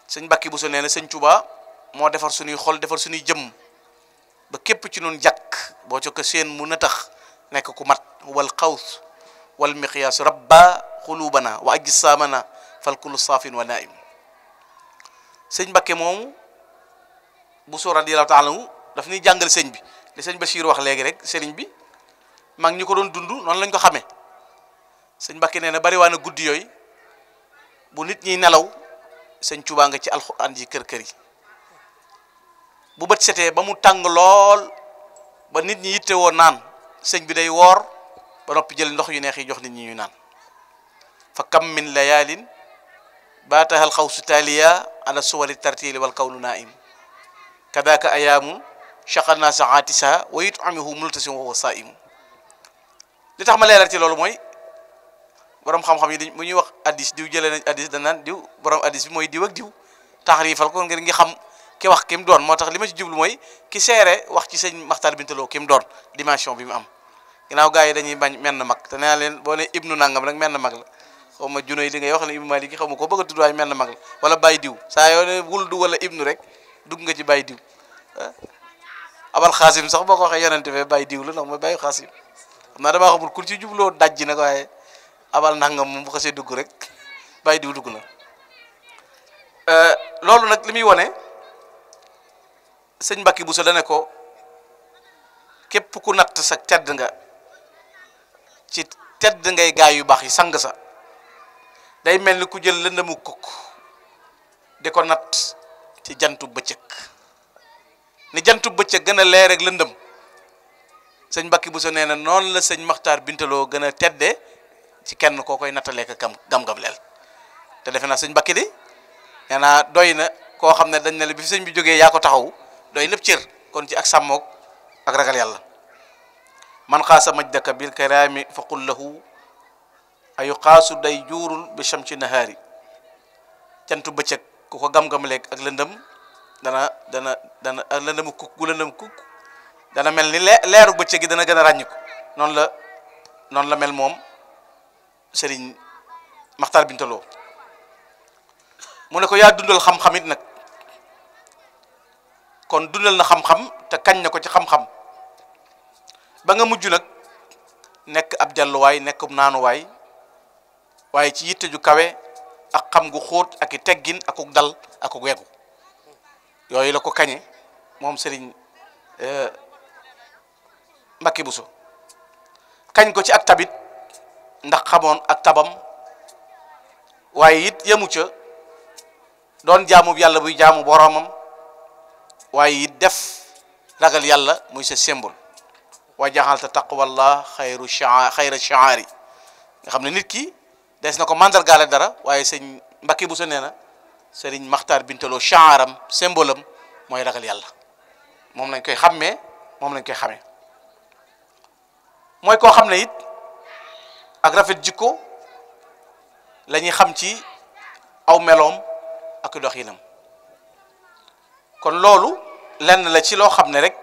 sëñ Mbàkke Buso nee na sëñ Tuubaa moo defar suñuy xol defar suñuy jëm ba képp ci nun jàkk boo ca seen mun mu tax nekk ku mat wal xaws wal miqyaas rabba xulubana wa ajsaamana fal kullu saafin wa naim sëñ Mbàkke moomu Buso radiyallahu taala anhu daf ñuy jàngal sëñ bi li sëñ Bachir wax léegi rek sëriñ bi mag ñi ko doon dund noonu lañ ko xamee sëñ bakki nee na bari waa na guddi yooyu bu nit ñi nelaw sëñ Tuubaa ci al yi kër kër yi bu bët setee ba mu tàng lool ba nit ñi yitte woo naan sëñ bi day woor ba noppi jël ndox yu neex yi jox nit ñi ñu naan fa kam min layaalin baataxal xaw su taaliya ala suwari tartili wal kawnu naim kadaka ayaamu chaqana saatisaa wa yutamihu multasim wa huwa saimu li tax ma leeral ci loolu mooy borom xam-xam yi dañ bu ñuy wax addis diw jëlee nañ addis dañ naan diw borom addis bi mooy diw ak diw taxriifal ko ngir ngi xam ki wax ki doon moo tax li ma ci jublu mooy ki seere wax ci sëñ Maxtaar Bintaloo ki mu doon dimension bi mu am ginnaaw gars yi dañuy bañ menn mag te nee naa leen boo ne ibnu nangam rek na mag la xaw ma juno yi di ngay wax ne ibnu Malik xaw ma ko bëgg a tudd waaye menn mag la wala bàyyi diw saa yoo ne wuldu wala ibnu rek dugg nga ci bay diw ah. abal xaasim sax boo ko waxee yonente fe bàyyi diw la ndax mooy bàyyi xaasim xam naa damaa xamul ku ci jubloo dajji na waaye abal nangam moom bu dugg rek bàyyi diw dugg na euh, loolu nag li muy wane sëñ Mbacke Bousso da ne ko képp ku natt sa tedd nga ci tedd ngay gaa yu baax yi sang sa day mel ni ku jël lëndëmu kukk di ko natt ci jantu bëccëg ni jantu bëccëg gën a leer lëndëm lëndëm sëñ bu Bousso nee na noonu la sëñ Maxtaar Bintaloo gën a tedde ci kenn koo koy nattalee ka gam gam-gam leel te defe na sëñ Mbàkke di nee doy na koo xam ne dañ ne la bi fi sëñ bi jógee yaa ko taxaw doy lépp cër kon ci ak sàmmoog ak ragal yàlla man xaasa majdaka bil karaami faqul lahu ayu xaasu day juurul bi shamsi nahaari cantu bëccëg ku ko gam-gam leeg ak lëndëm dana dana dana ak lëndëmu kuk gu lëndëm kuk dana mel ni leeru bëccëg gi dana gën a ràññiku noonu la noonu la mel moom sëriñ Maxtaar Bintaloo mu ne ko yaa dundal xam-xam nag kon dundal na xam-xam te kañ na ko ci xam-xam ba nga mujj nag nekk ab jalluwaay nekk naanuwaay waaye ci yitte ju kawe ak xam gu xóot ak i teggin akuk dal akuk wegu yooyu la ko kañe moom sëriñ bu so kañ ko ci ak tabit ndax xamoon ak tabam waaye it yemu ca doon jaamu yàlla buy jaamu boroomam waaye it def ragal yàlla muy sa symbole wa jaxalta taqwallah xayru shaa xayra shaari nga xam ne nit ki des na ko mandargaale dara waaye sëñ Mbàkke bu sa nee na sëriñ Maxtaar Bintaloo shaaram symbole am mooy ragal yàlla moom lañ koy xàmmee moom lañ koy xamee mooy koo xam ne it ak rafet jikko la ñuy xam ci aw meloom ak doxinam kon loolu lenn la ci loo xam ne rek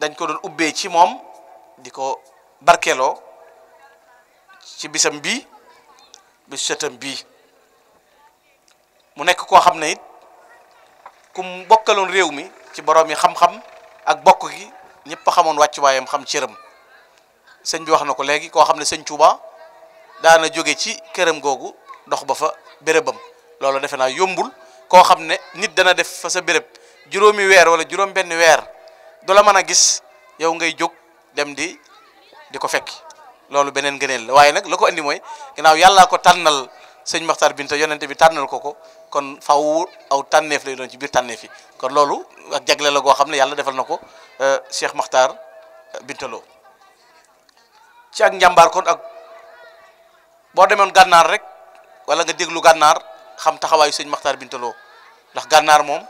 dañ ko doon ubbee ci moom di ko barkeeloo ci bisam bii bisu setam bii mu nekk koo xam ne it ku bokkaloon réew mi ci borom yi xam-xam ak bokk gi ñëpp xamoon wàcc wàccuwaayam xam cëram sëñ bi wax na ko léegi koo xam ne sëñ Touba daana joge ci këram googu dox ba fa bérébam loolu defe naa yombul koo xam ne nit dana def fa sa béréb juróomi weer wala juróom benn weer du la mën a gis yow ngay jóg dem di di ko fekk loolu beneen ngëneel la waaye nag la ko andi mooy ginnaaw yàllaa ko tànnal sëñ Maxtaar Binta yonente bi tànnal ko ko kon faw aw tànneef lay doon ci biir tànneef yi kon loolu ak jagle la goo xam ne yàlla defal na ko euh, Cheikh Maxtaar Bintaloo ci ak njàmbaar kon ak boo demoon gànnaar rek wala nga déglu gànnaar xam taxawaayu sëñ Maxtaar Binta Lo ndax gànnaar moom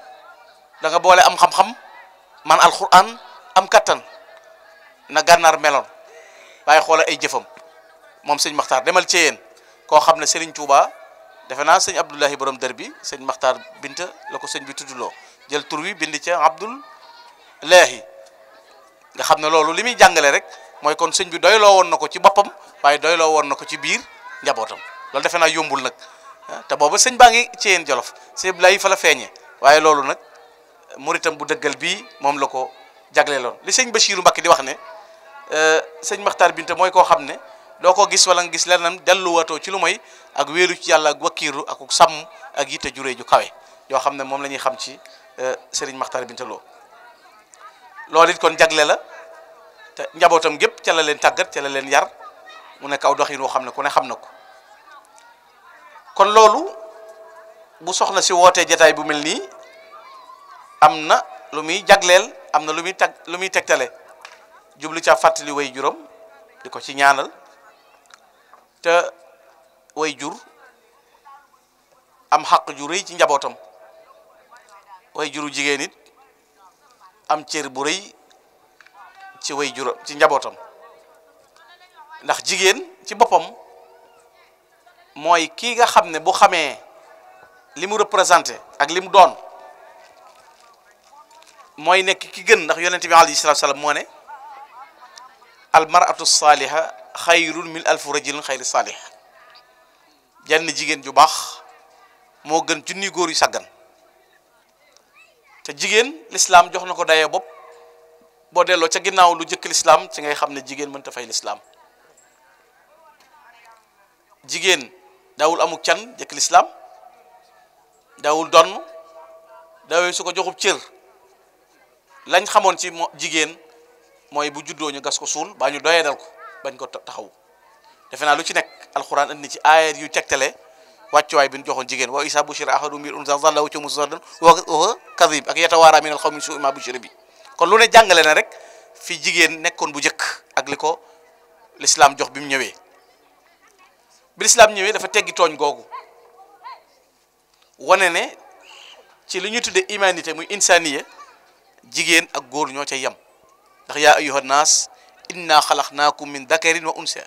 da nga boole am xam-xam man alxuraan am kattan na gannaar meloon waaye xoola ay jëfam moom sëñ Maxtaar demal ci yéen koo xam ne Serigne Touba defe naa sëñ Abdoulahi borom dër bi sëñ Maxtaar Binta la ko sëñ bi tuddloo jël tur wi bind ca Abdoul Laahi nga xam ne loolu li muy jàngale rek. mooy kon sëñ bi doyloo woon na ko ci boppam waaye doyloo woon na ko ci biir njabootam loolu defe naa yombul nag ah, te booba sëñ baa ngi ci yéen jolof sëñ Abdoulaye fa la feeñee waaye loolu nag muritam bu dëggal bii moom la ko jagleeloon li sëñ Bachirou Mbacké di wax ne euh, sëñ Makhtar Binta mooy koo xam ne doo ko gis wala nga gis leneen delluwaatoo ci lu may ak wéeru ci yàlla ak wakkiiru ak sàmm ak yitte juree ju kawe yoo xam ne moom la ñuy xam ci euh, sëriñ maxtar Binta Lo loolu it kon jagle la. te njabootam gépp ca la leen tàggat ca leen yar mu ne aw doxin woo xam ne ko ne xam na ko kon loolu bu soxna si wootee jataay bu mel nii am na lu muy jagleel am na lu muy tag lu muy tegtale jublu ca fàttali way juram di ko ci ñaanal te way jur am xaq ju rëy ci njabootam way juru jigéen it am cër bu rëy ci way juróom ci njabootam ndax jigéen ci boppam mooy kii nga xam ne boo xamee li mu représenté ak li mu doon mooy nekk ki gën ndax yonent bi alayhi salaatu salaam moo ne al mar'atu saaliha xayrun min alfu rajulin xayri saalih jenn jigéen ju baax moo gën junni góor yu sàggan te jigéen lislaam jox na ko dayee bopp boo delloo ca ginnaaw lu jëkk lislaam ci ngay xam ne jigéen mënta fay lislaam jigéen daawul amuk can jëkk lislaam daawul donn daawee su ko joxub cër lañ xamoon ci jigéen mooy bu juddoo ñu gas ko suun baa ñu doyee dal ko bañ ko taxaw defe naa lu ci nekk alxuraan indi ci aayat yu tegtale wàccuwaay bi ñu joxoon jigéen wa isa bushira ahadum bil unsa zalla wajhuhu muswaddan wa huwa kadhib ak yatawaara min al qawmi suu'i ma bushira bi kon lu ne jàngale na rek fi jigéen nekkoon bu njëkk ak li lislaam jox bi mu ñëwee bi lislaam ñëwee dafa teggi tooñ googu wane ne ci li ñu tudde humanité muy insaniya jigéen ak góor ñoo ca yem ndax ya ayyuha nnaas inna xalaqnaakum min dakarin wa unsa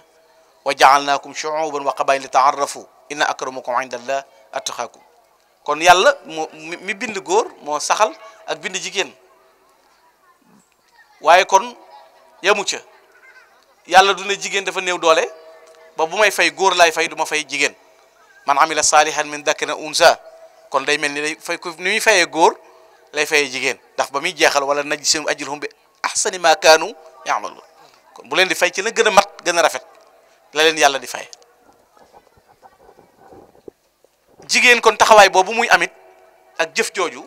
wa jaalnaakum shuuban wa qabail li taarrafu inna akramakum inda allah attaqaakum kon yàlla mi bind góor moo saxal ak bind jigéen waaye kon yamu ca yàlla du na jigéen dafa néew doole ba bu may fay góor laay fay du ma fay jigéen man amila saalihan min dakana unsa kon day mel ni day fay ku ni fayee góor lay faye jigéen dax ba muy jeexal wala najzihim ajrahum bi ahsani ma kaanu ya'maluun kon bu leen di fay ci la gën a mat gën a rafet la leen yàlla di fay jigéen kon taxawaay boobu muy amit ak jëf jooju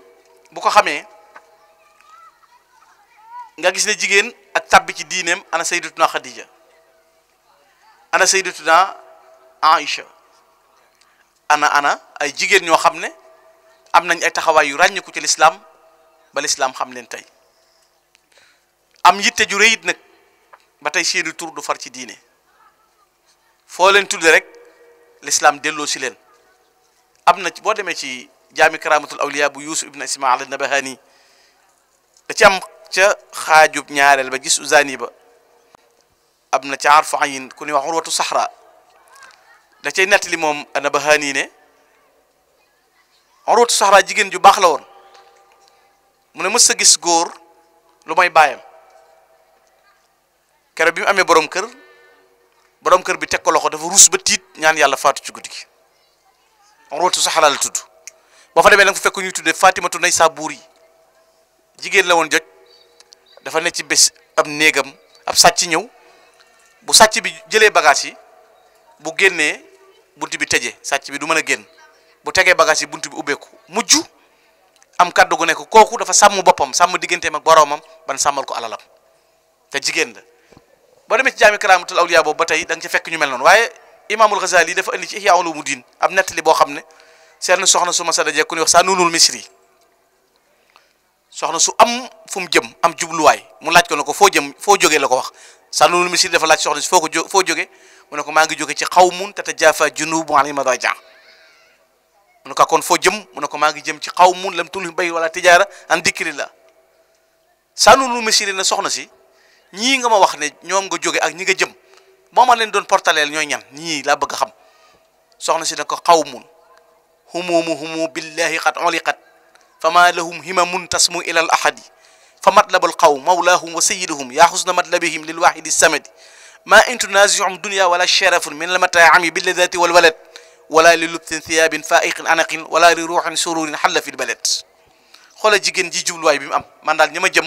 bu ko xamee nga gis ne jigéen ak tabbi ci diineem ana sayyidatuna Khadija ana sayyidatuna Aïcha ana ana ay jigéen ñoo xam ne am nañ ay taxawaay yu ràññiku ci lislaam ba lislaam xam leen tey am yitte ju réyit nag ba tey seeni tur du far ci diine foo leen tudde rek lislaam delloo si leen am na boo demee ci jaami karamatul awliya bu yusuf ibn ismail nabahani da ci am ca xaajub ñaareel ba gis uzani ba am na ca arfu ayin ku ñuy wax urwatu saxra da cay nettali moom ana bahaani ne urwatu saxra jigéen ju baax la woon mu ne mës a gis góor lu may baayam kere bi mu amee borom kër borom kër bi teg ko dafa rus ba tiit ñaan yàlla faatu ci guddi gi urwatu saxra la tudd boo fa demee da nga fa fekk ñuy tuddee Fatimatu Naysaburi jigéen la woon joj dafa ne ci bés ab néegam ab sàcc ñëw bu sàcc bi jëlee bagage yi bu génnee bunt bi tëjee sàcc bi du mën a génn bu tegee bagage yi bunt bi ubbeeku mujj am kàddu gu nekk kooku dafa sàmm boppam sàmm digganteem ak boroomam ban sàmmal ko alalam te jigéen la boo demee ci jaami karaamatul awliya boobu ba tey da nga ci fekk ñu mel noonu waaye imaamul Ghazali dafa indi ci ihya ulumuddin ab nettali boo xam ne seen soxna su ma sa dajee ku ñuy wax saa nunul misri soxna su am fu mu jëm am jubluwaay mu laaj ko ne ko foo jëm foo jógee la ko wax sànnul misir dafa laaj soxna si foo ko jó foo jógee mu ne ko maa ngi jóge ci xawmun tatajaafaa junuubuhum anil madaaji' mu ne ko kon foo jëm mu ne ko maa ngi jëm ci xawmun lam tulhihim bay wala tijaara an dikrillah sànnul misir ne soxna si ñii nga ma wax ne ñoom nga jóge ak ñi nga jëm moo ma leen doon portaleel ñooy ñan ñii laa bëgg a xam soxna si ne ko xaw humumu humu billahi qad uliqat fama lahum himamun tasmu ila al ahadi fa matlabul qawm mawlahum wa sayyiduhum ya husna matlabihim lil wahidi samadi ma in tunazi'um dunya wala sharafun min al mata'ami bil ladati wal walad wala li lubtin thiyabin fa'iqin anaqin wala li ruhin sururin halla fil balad xoola jigéen ji jubluwaay bi mu am man daal ña ma jëm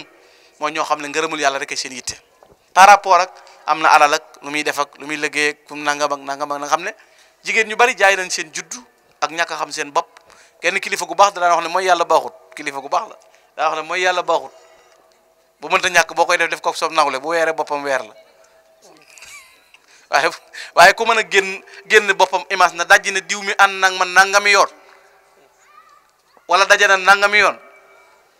mooy ñoo xam ne ngërëmul yàlla rek seen yitte par rapport ak am na alal ak lu muy def ak lu muy liggéey ak fu mu nangam ak nangam ak nga xam ne jigéen ñu bari jaay nañ seen juddu ak ñàkk xam seen bopp kenn kilifa gu baax daan wax ne mooy yàlla baaxut kilifa gu baax la daa wax ne mooy yàlla baaxut bu mënta ñàkk boo koy def def ko soob nawle bu weere boppam weer la waaye waaye ku mën a génn génn boppam image na dajji ne diw mi ànd nag man nangami yoon wala daje na nangami yoon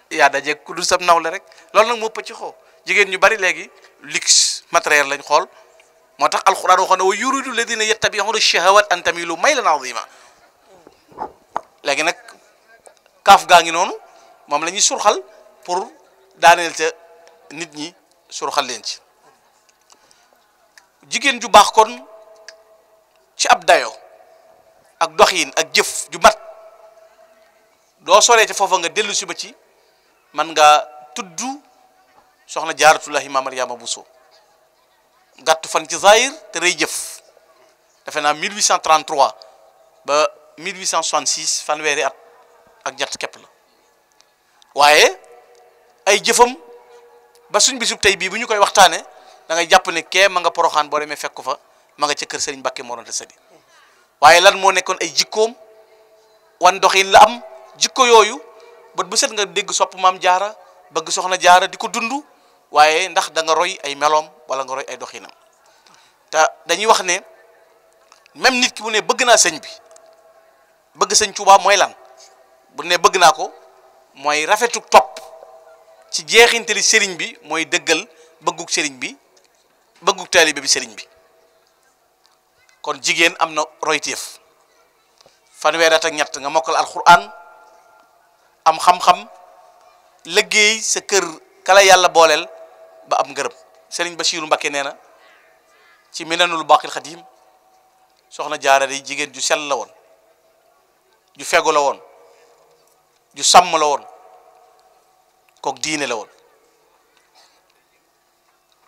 yaa daje kudu dul sab nawle rek loolu nag moo ëpp ci xoo jigéen ñu bari léegi luxe matériel lañ xool moo tax alxuraan waxoon na wa yuridu ladina yattabi'una shahawat an tamilu maylan azima léegi nag kaaf gaa ngi noonu moom lañuy surxal pour daaneel ca nit ñi surxal leen ci jigéen ju baax kon ci ab dayo ak doxin ak jëf ju mat doo soree ci foofa nga dellu si ba ci man nga tudd soxna jaaratullahi ma bu Bousso gàttu fan ci zahir te rey jëf defe naa 1833 ba mil 1866 fanweeri at ak ñett képp la waaye ay jëfam ba suñ bi bisub tey bii bu ñu koy waxtaane da jàpp ne kee ma nga poroxaan boo demee fekku fa ma nga ca kër Serigne Mbacké Mor Anta Sali waaye lan moo nekkoon ay jikkoom wan doxin la am jikko yooyu bët bu set nga dégg sopp maam jaara bëgg soxna jaara di ko dund waaye ndax danga roy ay melom wala nga roy ay doxinam ta dañuy wax ne même nit ki bu ne bëgg naa sëñ bi bëgg sëñ Tuuba mooy lan bu ne bëgg naa ko mooy rafetu topp ci jeexintali sëriñ bi mooy dëggal bëggug sëriñ bi bëggug taalibe bi sëriñ bi kon jigéen am na royteef fanweer at ak ñett nga mokkal alxuraan am xam-xam liggéey sa kër kala yàlla booleel ba am ngërëm sëriñ Basiiru Mbakke nee na ci minanul baqil xadim soxna jaara day jigéen ju sell la woon ju fegu la woon ju sàmm la woon kook diine la woon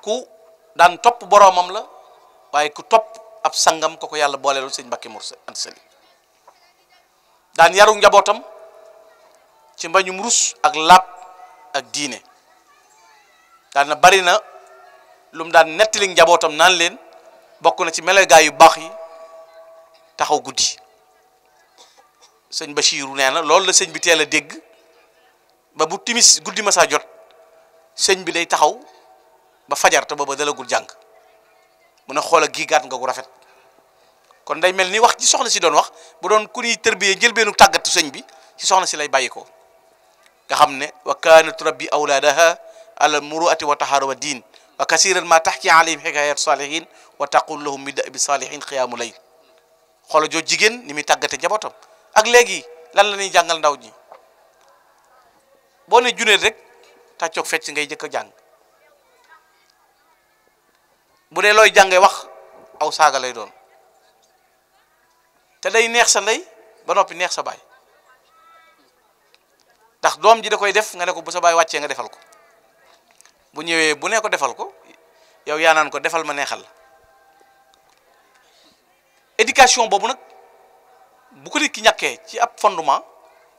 ku daan topp boroomam la waaye ku topp ab sangam ko ko yàlla booleelu sëñ Mbàkke Mor Anta Sali daan yaru njabootam ci mbañum rus ak laab ak diine daan na bari na lu daan nettali njabootam naan leen bokk na ci melegaay yu baax yi taxaw guddi sëñ Bachiru nee na loolu la sëñ bi teel a dégg ba bu timis guddi ma saa jot sëñ bi lay taxaw ba fajar te booba dalagul jàng mun a xool a gii nga gu rafet kon day mel ni wax ci soxna si doon wax bu doon ku ñuy tërbiyee benu tàggatu sëñ bi ci soxna si lay bàyyi ko nga xam ne wa kaanat rabbi awlaadaha ala muruati wa taharuba diin wa kasiran ma taxki alayhim xikayat salihin wa taqul lahum mi da bi salihin xiyaamu xool xoola joo jigéen ni muy tàggate njabootam ak léegi lan la ñuy jàngal ndaw ñi boo ne junne rek tàccoog fecc ngay jëkk a jàng bu dee looy jànge wax aw saaga lay doon te day neex sa ndey ba noppi neex sa baay ndax doom ji da koy def nga ne ko bu sa baay wàccee nga defal ko bu ñëwee bu ne defal ko yow yaa naan ko defal ma neexal la éducation boobu nag. bu ko dikki ki ñàkkee ci ab fondement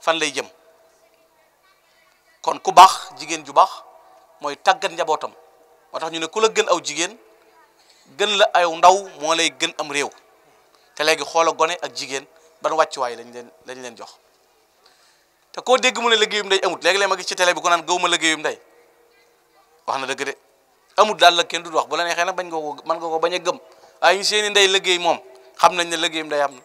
fan lay jëm kon ku baax jigéen ju baax mooy tàggat njabootam moo tax ñu ne ku la gën aw jigéen gën la aw ndaw moo lay gën am réew te léegi xoola gone ak jigéen ban wàccuwaay lañ leen lañ leen jox te koo dégg mu ne liggéeyum ndey amut léegi-léeg ma gis ci télé bi ko naan gawuma liggéeyum ndey wax na dëgg de amut daal la kenn du wax bu la neexee na bañ nga ko mën nga ko bañ a gëm waaye ñu seeni ndey liggéey moom xam nañ ne liggéeyum ndey am na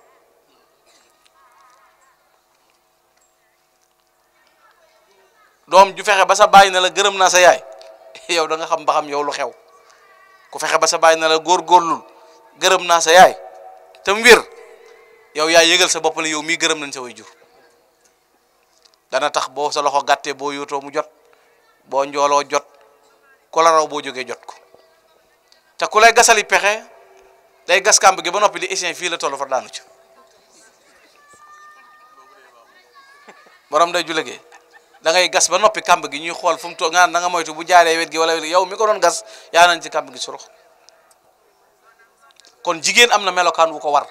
doom ju fexe ba sa bàyyi na la gërëm naa sa yaay yow da nga xam ba xam yow lu xew ku fexe ba sa bàyyi na la góor góorgóorlul gërëm naa sa yaay te mu wér yow yaay yëgal sa bopp yow mii gërëm nañ sa way jur dana tax boo sa loxo gàttee boo yóotoo mu jot boo njooloo jot ku la raw boo jógee jot ko te ku gasal i pexe day gas kàmb gi ba noppi di Hissien fii la tollu fa daanu ca borom day ju liggéey da gas ba noppi kamb gi ñuy xool fu mu toog nga naan da nga bu jaaree wet gi wala wet yow mi ko doon gas yaa nañ ci kamb gi jigéen am na melokaan wu ko war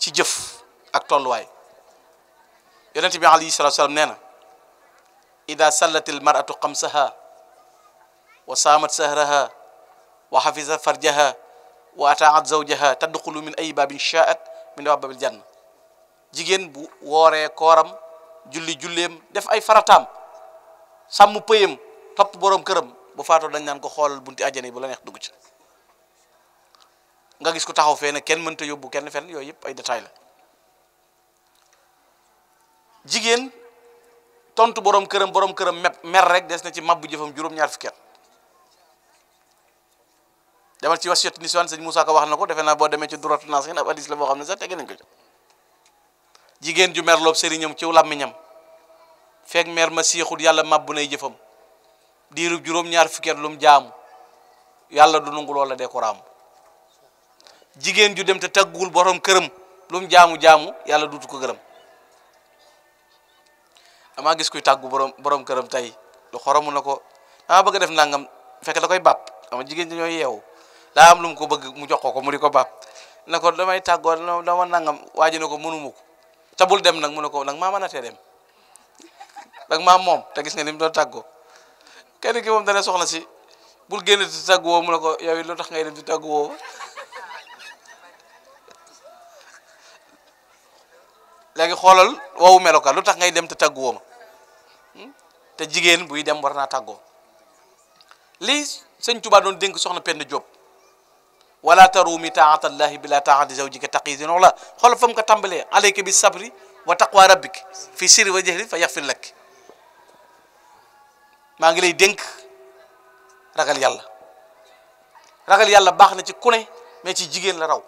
ci jëf ak tolluwaay yonent bi alayhi salatu salaam nee na ida sallatil maratu xamsaha wa saamat sahraha wa xafisa farjaha wa ataat zawjaha min ay baabin shaat min abwaabil janna jigéen bu wooree kooram julli julleem def ay farataam sàmm pëyam topp boroom këram bu faatoo dañ naan ko xoolal bunti àjjana yi bu la neex dugg ci nga gis ko taxaw fee ne kenn mënta yóbbu kenn fen yooyu yëpp ay détail la jigéen tontu boroom këram boroom këram mer rek des na ci mabbu jëfam juróom-ñaar fukki at demal ci wasiyatu niswaan sëñ Moussa ko wax na ko defe naa boo demee ci duratu naas ab hadis la boo xam ne sax tege nañ ko ci jigéen ju merloob sëriñam ci làmmiñam fekk mer ma siixut yàlla màbbu nay jëfam diirub juróom-ñaar fukki lum jaamu yàlla du nangu loola dee ko raam jigéen ju dem te tagguwul borom këram lum jaamu jaamu yàlla duutu ko gërëm damaa gis kuy tàggu borom borom këram tey lu xoromu na ko dama bëgg def nangam fekk da koy bàpp ama jigéen ñi ñooy yeewu daa am lum ko bëgg mu jox ko ko mu di ko bàpp na ko damay tàggoo dama nangam waaj na ko mënuma ko te bul dem nag mu ne ko nag maa mën a tee dem nag maa moom te gis nga ni mu doon tàggoo kenn ki moom dana soxna si bul génn di tàggoo mu ne ko yow lu tax ngay dem di tàggoo xoolal wowu melokaan lu tax ngay dem te tàgguwoo ma hmm? te jigéen buy dem war naa tàggoo lii sëñ Tuubaa doon dénk soxna Penda Diop wala tarumi taatallahi bila taati zawjika taqidin la xool fa mu ko tàmbalee alayka bi sabri wa taqwa rabbik fi sirri wa jahri fa yaxfir lak maa ngi lay dénk ragal yàlla ragal yàlla baax na ci ku ne mais ci jigéen la raw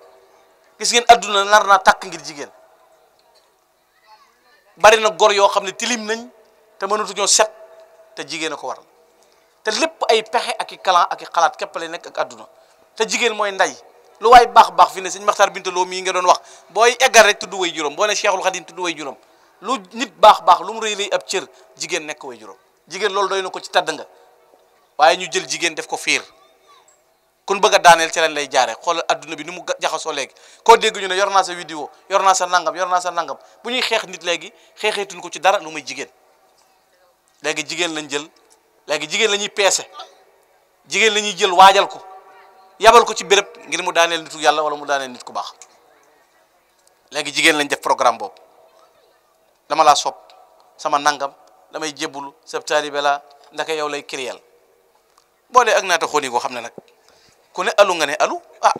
gis ngeen adduna nar naa takk ngir jigéen bari na gor yoo xam ne tilim nañ te mënatuñoo set te jigéen a ko waral te lépp ay pexe ak i kalan ak i xalaat képp lay nekk ak adduna te jigéen mooy nday lu waay baax baax fi ne sëñ Maxtaar Bintaloo mii nga doon wax booy eggal rek tudd way juróom boo ne Cheikhul Khadim tudd way juróom lu nit baax baax lu mu rëy rëy ab cër jigéen nekk way juróom jigéen loolu doy na ko ci tàdd nga waaye ñu jël jigéen def ko fiir kun bëgg a daaneel ci lañ lay jaare xool adduna bi ni mu jaxasoo léegi koo dégguñu ne yor naa sa vidéo yor naa sa nangam yor naa sa nangam bu ñuy xeex nit léegi xeexeetuñ ko ci dara lu muy jigéen jigéen lañ jël léegi jigéen la ñuy peese jigéen la ñuy jël waajal ko yabal ko ci béréb ngir mu daaneel nitu yàlla wala mu daaneel nit ku baax léegi jigéen lañ def programme boobu dama laa sopp sama nangam damay jébbulu sab taalibe la ndaka yow lay kiriyal boo dee ak naata xoon yi koo xam ne nag ku ne alu nga ne alu ah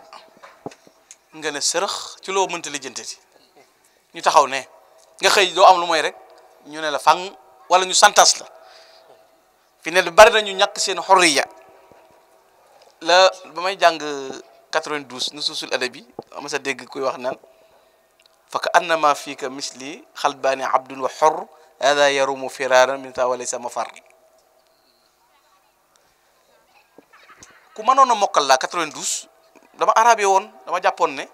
nga ne sërëx ci loo mënta lijjantati ñu taxaw ne nga xëy doo am lu mooy rek ñu ne la fang wala ñu santas la fi ne bari na ñu ñàkk seen xorriya la ba may jàng 92 nu suusul adabi ama sa dégg koy wax naan fa ka ma fii ka misli xalbaani abdun wa xor hada yarumu firaran min ta walay sama far ku mënoon a mokkal laa 92 dama arabe woon dama jàppoon ne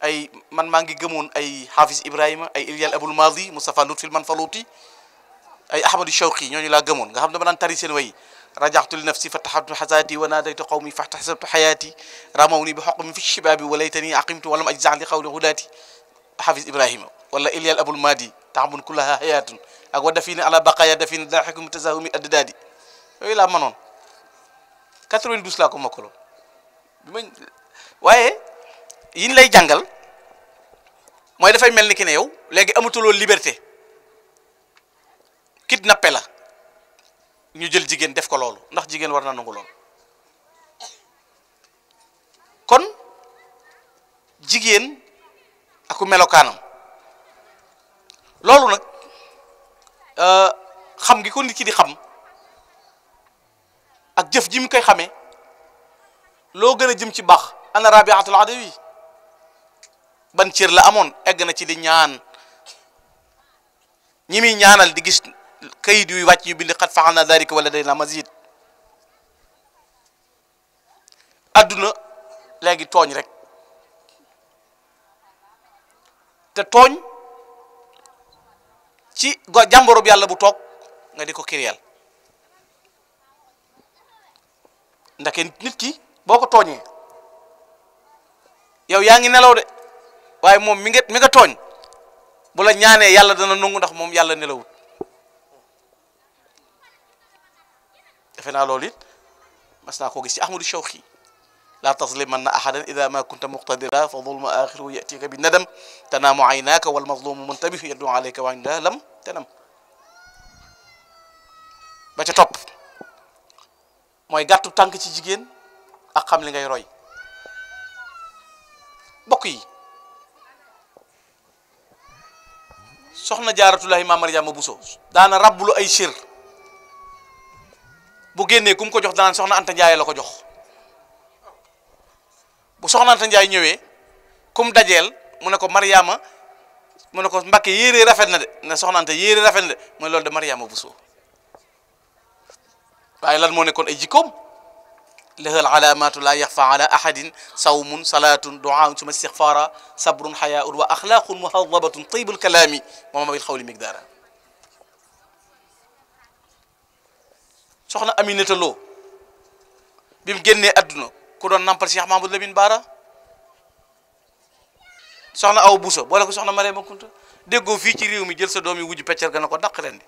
ay man maa ngi gëmoon ay Hafiz Ibrahima ay Ilyal Abul Madi Moustapha Lutfil Manfaluti ay Ahmadou Chawqi ñooñu la gëmoon nga xam dama daan tari seen way rajaxtu li nafsi fataxatu xasaati wa naadaytu qawmi faxtasabtu xayaati ramawni bi xoq mi fi shibaabi walaytani aqimtu walam ajzan li xawli hudaati xafis ibrahima wala ilyal abul maadi taxamun kullaha hayaatun ak wa dafini ala baqaya dafini daxikum tasahumi addaadi yooyu laa mënoon 92 laa ko mokkaloon bi ma waaye yiñ lay jàngal mooy dafay mel ni ki ne yow léegi amatuloo liberté kidnappé la ñu jël jigéen def ko loolu ndax jigéen war na nangu kon jigéen aku melokaanam loolu nag euh, xam ngi ko nit ki di xam ak jëf ji koy xame loo gën a jëm ci bax ana rabiatul adawi ban cër la amoon egg na ci di ñaan ñi ñaanal di gis kayit yuy wàcc yu bind xat faxal na darika wala day na mazid adduna léegi tooñ rek te tooñ ci go jàmborob yàlla bu toog nga di ko kiriyal ndake nit ki boo ko tooñee yow yaa ngi nelaw de waaye moom mi nga mi nga tooñ bu la ñaanee yàlla dana nangu ndax moom yàlla nelawut defe naa loolu it mas naa koo gis ci ahmadou shawqi laa taslimanna ahadan ida ma kunta muqtadira fa zulma axiru yatika bi nadam tanaamu aynaka walmazlumu muntabihu yaddu alayka wa inda lam tanam ba ca topp mooy gàttu tànk ci jigéen ak xam li ngay roy bokk yi soxna jaaratulahi maam Mariama Buso daana rabbulu ay sir bu génnee ku mu ko jox danaan soxna Anta Ndiaye la ko jox bu soxna Anta Ndiaye ñëwee ku mu dajeel mu ne ko mariyama mu ne ko Mbàkke yéeree rafet na de ne soxna Anta yéeree rafet na de mooy loolu de Mariama Bousso waaye lan moo nekkoon ay jikkoom lahal alaamatu la yaxfa ala ahadin sawmun salaatun duaun suma istixfaara sabrun xayaaun wa axlaaqun muhadabatun tibul kalaami wa ma bil xawli migdaara soxna ami Lo bi mu génnee adduna ku doon nampal Cheikh Mahmoud Lamine Baara soxna aw Bousso boole ko soxna ma Kunta déggoo fii ci réew mi jël sa doom yi wujj peccal ga na ko daq ren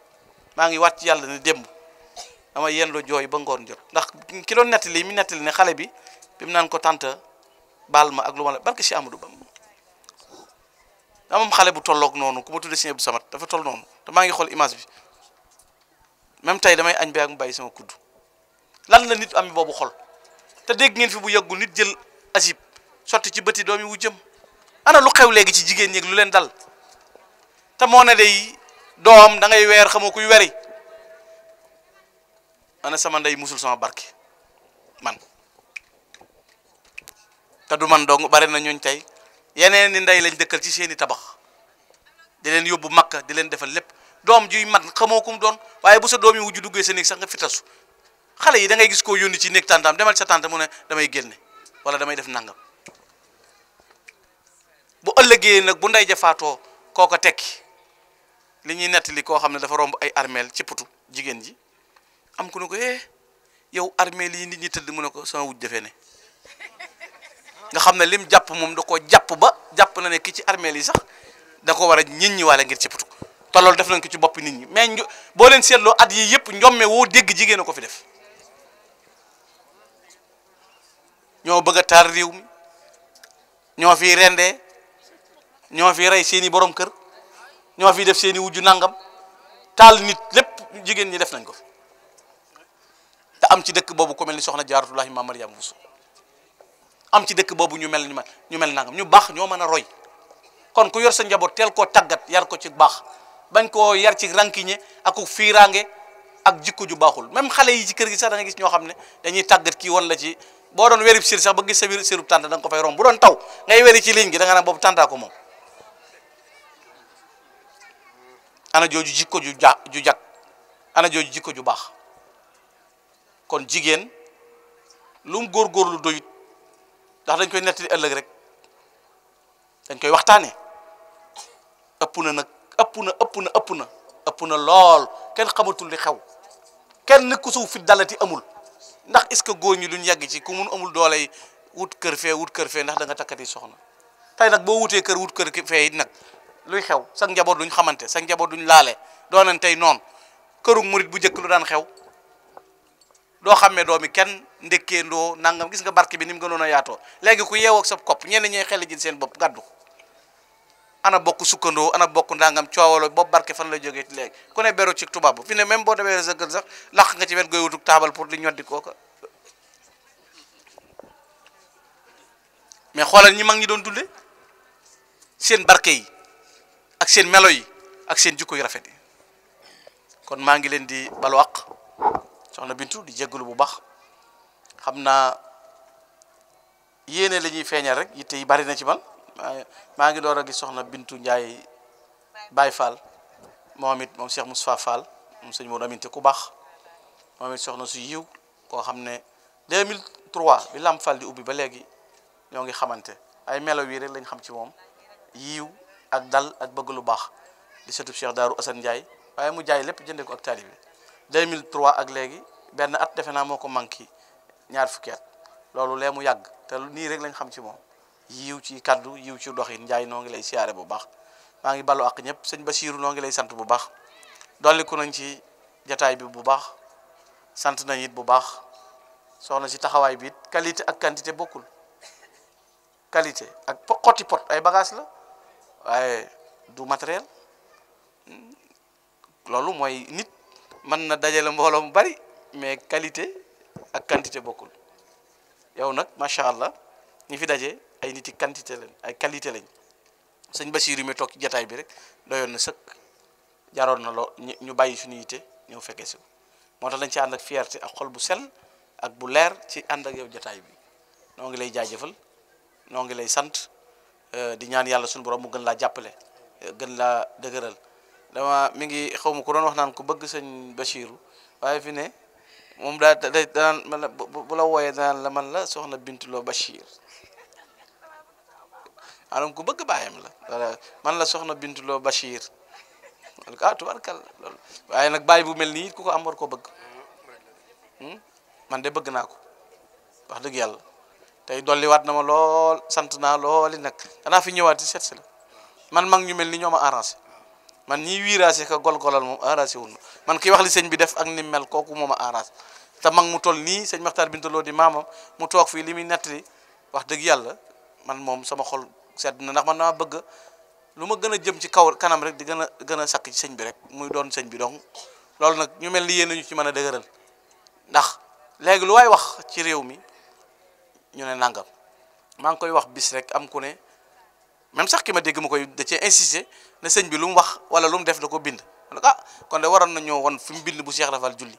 maa ngi wàcc yàlla ne démb dama yenn lu jooy ba ngoon jot ndax ki doon nettali mi nettali ne xale bi bi mu naan ko tànt baal ma ak lu ma la barke si Amadou Bam dama am xale bu tolloog noonu ku ma tuddee si Abdou Samad dafa toll noonu te maa ngi xool image bi même tey damay añ bi ak mbay sama kudd lan la nit am boobu xol te dégg ngeen fi bu yàggu nit jël asib sotti ci bëti doom yi wu jëm ana lu xew léegi ci jigéen ñeeg lu leen dal te moo ne day doom da ngay weer xamoo kuy weri ana sama ndey musul sama barke man te du man dong bare na ñooñ tey yeneen ni ndey lañ dëkkal ci seeni tabax di leen yóbbu makka di leen defal lépp doom juy mat xamoo kum doon waaye bu sa doom yi wujju duggee sa néeg sax nga fi xale yi dangay gis koo yónni ci néeg tàntam demal sa tànt mu ne damay génne wala damay def nangam bu ëllëgee nag bu nday jafaatoo kooko tekki li ñuy nettali koo xam ne dafa romb ay armeel ci putu jigéen ji am ku ne ko eh, yow armeel yi nit ñi tëdd mu ne ko sama wuj defee ne nga xam ne lim jàpp moom da koo jàpp ba jàpp na ne ki ci armeel yi sax da ko war a ñiñ ñi waale ngir ci putu te loolu def nañ ko ci bopp nit ñi mais booleen leen seetloo at yi yëpp njomme woo dégg jigéen ko fi def ñoo bëgg a taar réew mi ñoo fi rendee ñoo fi rey seeni borom kër ñoo fi def seeni wujju nangam taal nit lépp jigéen ñi def nañ ko fi am ci dëkk boobu ku mel ni soxna jaaratullahi maam Mariam Bousso am ci dëkk boobu ñu mel ñu mel ñu mel nangam ñu baax ñoo mën a roy kon ku yor sa njaboot teel ko tàggat yar ko ci baax bañ koo yar ci rankiñe ak ku fiiraange ak jikko ju baaxul même xale yi ci kër gi sax da gis ñoo xam ne dañuy tàggat kii woon la ci boo doon werib sir sax ba gis sa biir sirub da ko fay romb bu doon taw ngay weri ci ligne gi da nga naan boobu tàntaa ko moom ana jooju jikko ju ja ju jag ana jooju jikko ju baax kon jigéen lu mu góorgóorlu doyut ndax dañ koy nettali ëllëg rek dañ koy waxtaane ëpp na nag ëpp na ëpp na ëpp na ëpp na lool kenn xamatul li xew kenn ku suuf fit dalati amul ndax est-ce que góor ñi duñ yàgg ci ku mun amul dooley wut kër fee wut kër fee ndax da nga takkati soxna tey nag boo wutee kër wut kër fee it nag luy xew sa njaboot duñ xamante sa njaboot duñ laale doonan tey noon këru murit bu njëkk lu daan xew doo xam ne doomi kenn ndékkee ndoo nangam gis nga barke bi ni mu gënoon a yaatoo léegi ku yeewoo ak sa kopp ñenn ñooy xel ji seen bopp gàddu ko ana bokk sukkandoo ana bokk ndàngam coowalo boobu barke fan la jógee ci léegi ku ne beru ci tubaab fi ne même boo demee sa kër sax laq nga ci wet goy wutug taabal pour di ñoddi kooka xoolal ñi mag ñi doon dunde seen barke yi ak seen melo yi ak seen jikko yu rafet yi kon maa ngi leen di balwaq soxna Bintu di jégalu bu baax xam naa yéene la ñuy feeñal rek yitte yi bari na ci man maa ngi door a gi soxna Bintu Njaay Baay Fall moom it moom Cheikh Moustapha Fall moom sëñ Modou Aminte ku baax moom it soxna su yiw koo xam ne 2003 bi Lamp Fall di ubbi ba léegi ñoo ngi xamante ay melo yi rek lañ xam ci moom yiw ak dal ak bëgg lu baax di sëtub Cheikh Daaru Assane Ndiaye waaye mu jaay lépp jënde ko ak taalibe 2003 ak léegi benn at defe naa moo ko manqué ñaar fukki loolu lee mu yàgg te nii rek lañ xam ci moom yiw ci kaddu yiw ci doxin njaay noo ngi lay siyaare bu baax maa ngi balu ak ñëpp sëñ Basiiru noo ngi lay sant bu baax dolliku nañ ci jataay bi bu baax sant nañ it bu baax soxna si taxawaay bi it qualité ak quantité bokkul qualité ak xotti pot ay bagage la waaye du matériel loolu mooy nit mën na dajale mbooloo mu bari mais qualité ak quantité bokkul yow nag macha allah ñi fi daje. ay nit yi quantité lañ ay qualité lañ sëñ Basiiru mu toog jataay bi rek yoon na sëkk jaroon na loo ñu bàyyi suñu yite ñëw fekkee si moo tax lañ ci ànd ak fierté ak xol bu sel ak bu leer ci ànd ak yow jataay bi noo ngi lay jaajëfal noo ngi lay sant euh, di ñaan yàlla suñu borom mu gën laa jàppale euh, gën laa dëgëral dama mu ngi xaw ma ku doon wax naan ku bëgg sëñ Basiiru waaye fi ne moom daa day danaan bu la wooyee danaan la man la soxna Bintu Lo maanaam ku bëgg baayam la man la soxna Bintuloo Bachir man ah, waaye nag baay bu mel nii ku ko am war koo bëgg hmm? man de bëgg naa ko wax dëgg yàlla tey dolliwaat na ma lool sant naa looli nag danaa fi ñëwaat si seet man mag ñu mel ni ñoo ma arrangé man ñiy wiiraase ka golgolal moom arrangé wun man ki wax li sëñ bi def ak ni mel kooku moom a te mag mu toll nii sëñ Maxtaar Bintaloo di mu toog fii li muy nettali wax dëgg yàlla man moom sama xol. sedd na ndax man dama bëgg lu ma gën a jëm ci kaw kanam rek di gën a gën a sakk ci sëñ bi rek muy doon sëñ bi donc loolu nag ñu mel ni yéen ñu ci mën a dëgëral ndax léegi lu waaye wax ci réew mi ñu ne nangam maa ngi koy wax bis rek am ku ne même sax ki ma dégg ma koy da cee insister ne sëñ bi lu mu wax wala lu mu def da ko bind ah kon de waroon na ñoo won fi mu bind bu Cheikh Rafal julli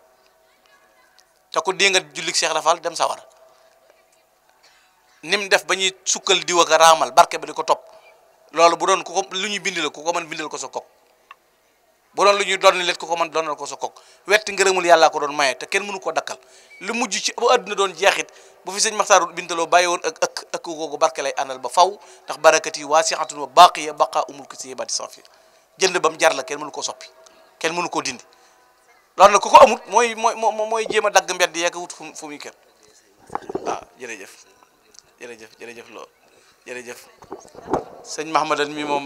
te ku dee nga julli Cheikh Rafal dem sawar nim def ba ñuy sukkal diw ak a raamal barke ba di ko topp loolu bu doon ku ko lu ñuy bindil ku ko mën bindal ko sa kok bu doon lu ñuy doon let ku ko mën doonal ko sa kok wetti ngërëmul yàllaa ko doon maye te kenn mënu ko dakkal lu mujj ci ba àdduna doon jeexit bu fi sëñ maxtaarul bintaloo bàyyi woon ak ëkk ëkk googu barke lay àndal ba faw ndax waa barakat yi waasiatun wa baaqiya baqaa umul ko siyi bati safi jënd ba mu jar la kenn mënu ko soppi kenn mënu koo dindi loolu na ku ko amut mooy mooy mooy jéem a dagg mbedd yeeka wut fu fu muy kër waaw jërëjëf jërëjëf jërëjëf loo jërëjëf sëñ Mahamadan mi moom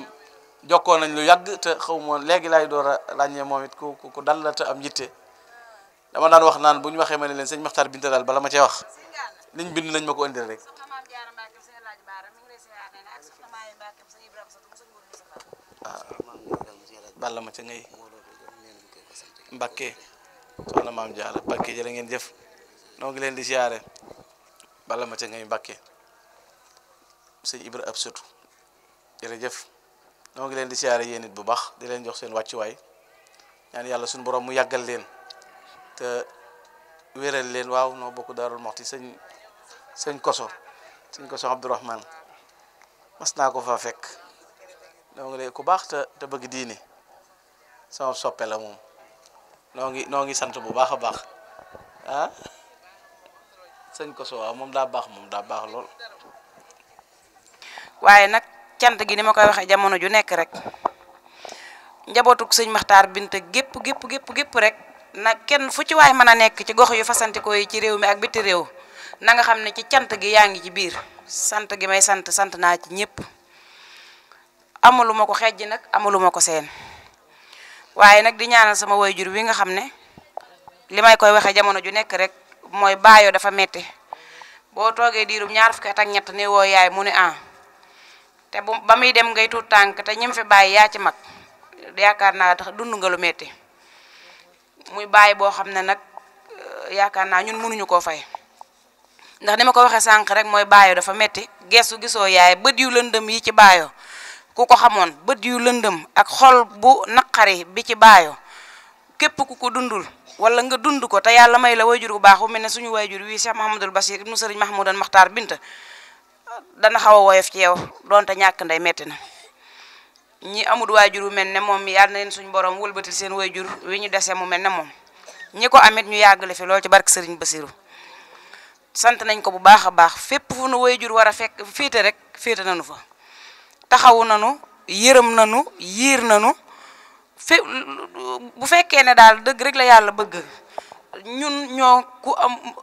jokkoo nañ lu yàgg te xaw ma léegi laay door a ràññee moom it ku dal am yitte dama daan wax naan bu ñu waxee ma ne leen sëñ Maxtaar Binta daal bala ma cee wax bind nañ ma ko indil rek balla ma ca ngay Mbakke soxna maam Jaara Mbakke jërë ngeen jëf noo ngi leen di siyaare balla ma ca ngay Mbakke sëñ Ibra ab sëtu jërëjëf noo ngi leen di siyaare yéen it bu baax di leen jox seen wàccuwaay ñaan yàlla suñu borom mu yàggal leen te wéral leen waaw noo bokk daarul moxti sëñ sëñ koso sëñ koso Abdourahman mas naa ko fa fekk noo ngi leen ku baax te te bëgg diine sama soppe la moom noo ngi noo ngi sant bu baax a baax ah sëñ koso waaw moom daa baax moom daa baax lool waaye nag cant gi ni ma koy waxee jamono ju nekk rek njabootu sëñ Maxtaar Binta gépp gépp gépp gépp rek nag kenn fu ci waay mën a nekk ci gox yu fasantikoo yi ci réew mi ak biti réew nanga xam ne ci cant gi yaa ngi ci biir sant gi may sant sant naa ci ñépp amalu ko xejj nag amalu ko seen waaye nag di ñaanal sama woy jur wi nga xam ne li may koy waxee jamono ju nekk rek mooy baayoo dafa metti boo toogee diirum ñaar fukki at ñett ne woo yaay mu ne ah te ba muy dem ngay tuut tànk te ñim fi bàyyi yaa ci mag yaakaar naa tax dund nga metti muy bàyyi boo xam ne nag euh, yaakaar naa ñun mënuñu koo fay ndax ni ma ko waxee sànq rek mooy baayo dafa metti geesu gisoo yaay bët yu lëndëm yi ci baayo ku ko xamoon bët yu lëndëm ak xol bu naqari bi ci baayo képp ku ko dundul wala nga dund ko te yàlla may la wayjur bu baax bu mel ne suñu wayjur wii Cheikh Mahamadul Bachir ibnu Sëriñ Mahmoudan Maxtaar Binta dana xaw a woyof ci yow donte ñàkk ndey metti na ñi amul waajur wu mel ne moom yàlla na leen suñu borom wëlbatil seen waajur wi ñu dese mu mel ne moom ñi ko amit ñu yàggale fi lool ci bark Serigne Bassirou sant nañ ko bu baax a baax fépp fu nu waajur war a fekk féete rek féete nañu fa taxawu nañu yërëm nañu yiir nañu fe bu fekkee ne daal dëgg rek la yàlla bëgg ñun ñoo ku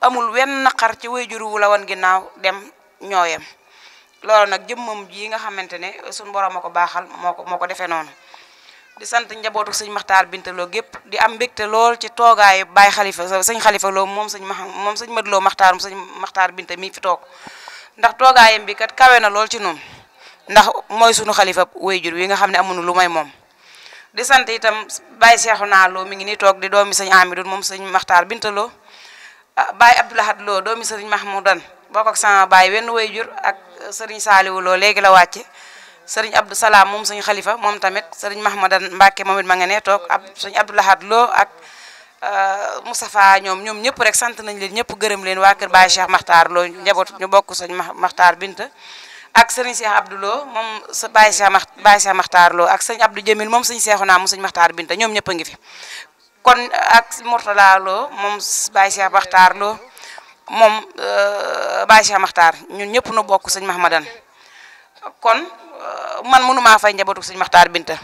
amul wenn naqar ci waajur wu la woon ginnaaw dem. ñoo yem loolu nag jëmmam yi nga xamante ne suñu borom a ko baaxal moo ko moo ko defee noonu di sant njabootu sëñ maxtaar bintaloo gépp di am mbégte lool ci toogaayu baay xalifa sëñ xalifa loo moom sëñ ma moom sëñ madloo maxtaar sëñ maxtaar binta mi fi toog ndax toogaayam bi kat kawe na lool ci noonu ndax mooy sunu xalifa wayjur wi nga xam ne amuñu lu may moom di sant itam baay seexu naa loo mi ngi ni toog di doomi sëñ amidun moom sëñ maxtaar bintaloo ah, baay abdoulahad loo doomi sëñ mahmoudan bokk ak sama baay wenn wayjur ak sëriñ Saaliwu Lo léegi la wàcce sëriñ Abdou Salaam moom suñu xalifa moom tamit sëriñ Mahmadan Mbacke moom it ma nga ne toog ab sëriñ Abdou Lahad Lo ak euh, Moustapha ñoom ñoom ñëpp rek sant nañ leen ñëpp gërëm leen waa kër Baye maxtaar Makhtar Lo njaboot ñu bokk sëriñ maxtaar Binta ak sëriñ Cheikh Abdou Lo moom sa Baye Cheikh Baye Cheikh Makhtar Lo ak sëriñ Abdou Jamil moom suñu Cheikhouna moom suñu Makhtar Binta ñoom ñëpp a ngi fi kon ak Mourtala Lo moom Baye Cheikh Makhtar Lo moom euh, Baye Cheikh maxtar ñun ñëpp nu bokk sëñ Mahmadan kon euh, man mënumaa fay njabootu sëñ Makhtar Binta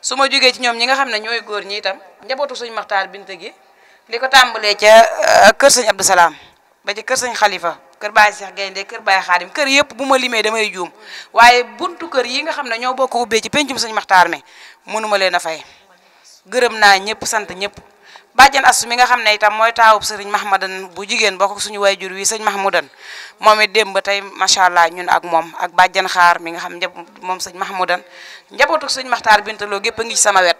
su ma jógee ci ñoom ñi nga xam ne ñooy góor ñi itam njabootu sëñ Makhtar Binta gi li ko tàmbalee ca euh, kër sëñ Abdou Salaam ba ci kër sëñ Khalifa kër Baye Cheikh Gaynde kër Baye Xaadim kër yëpp bu ma limee damay juum waaye buntu kër yi nga xam ne ñoo bokk ubbee ci pencum sëñ maxtar mi mënuma leen a fay gërëm naa ñëpp sant ñëpp. bàjjan astu mi nga xam ne itam mooy taawub sëriñ mahmadan bu jigéen bokk suñu wayjur wi sëñ mahmudan moom it démb ba tey macha allah ñun ak moom ak bàjjan xaar mi nga xam njab moom sëñ mahmudan njabootuk sëñ maxtaar bintaloo gépp ngi ci sama wet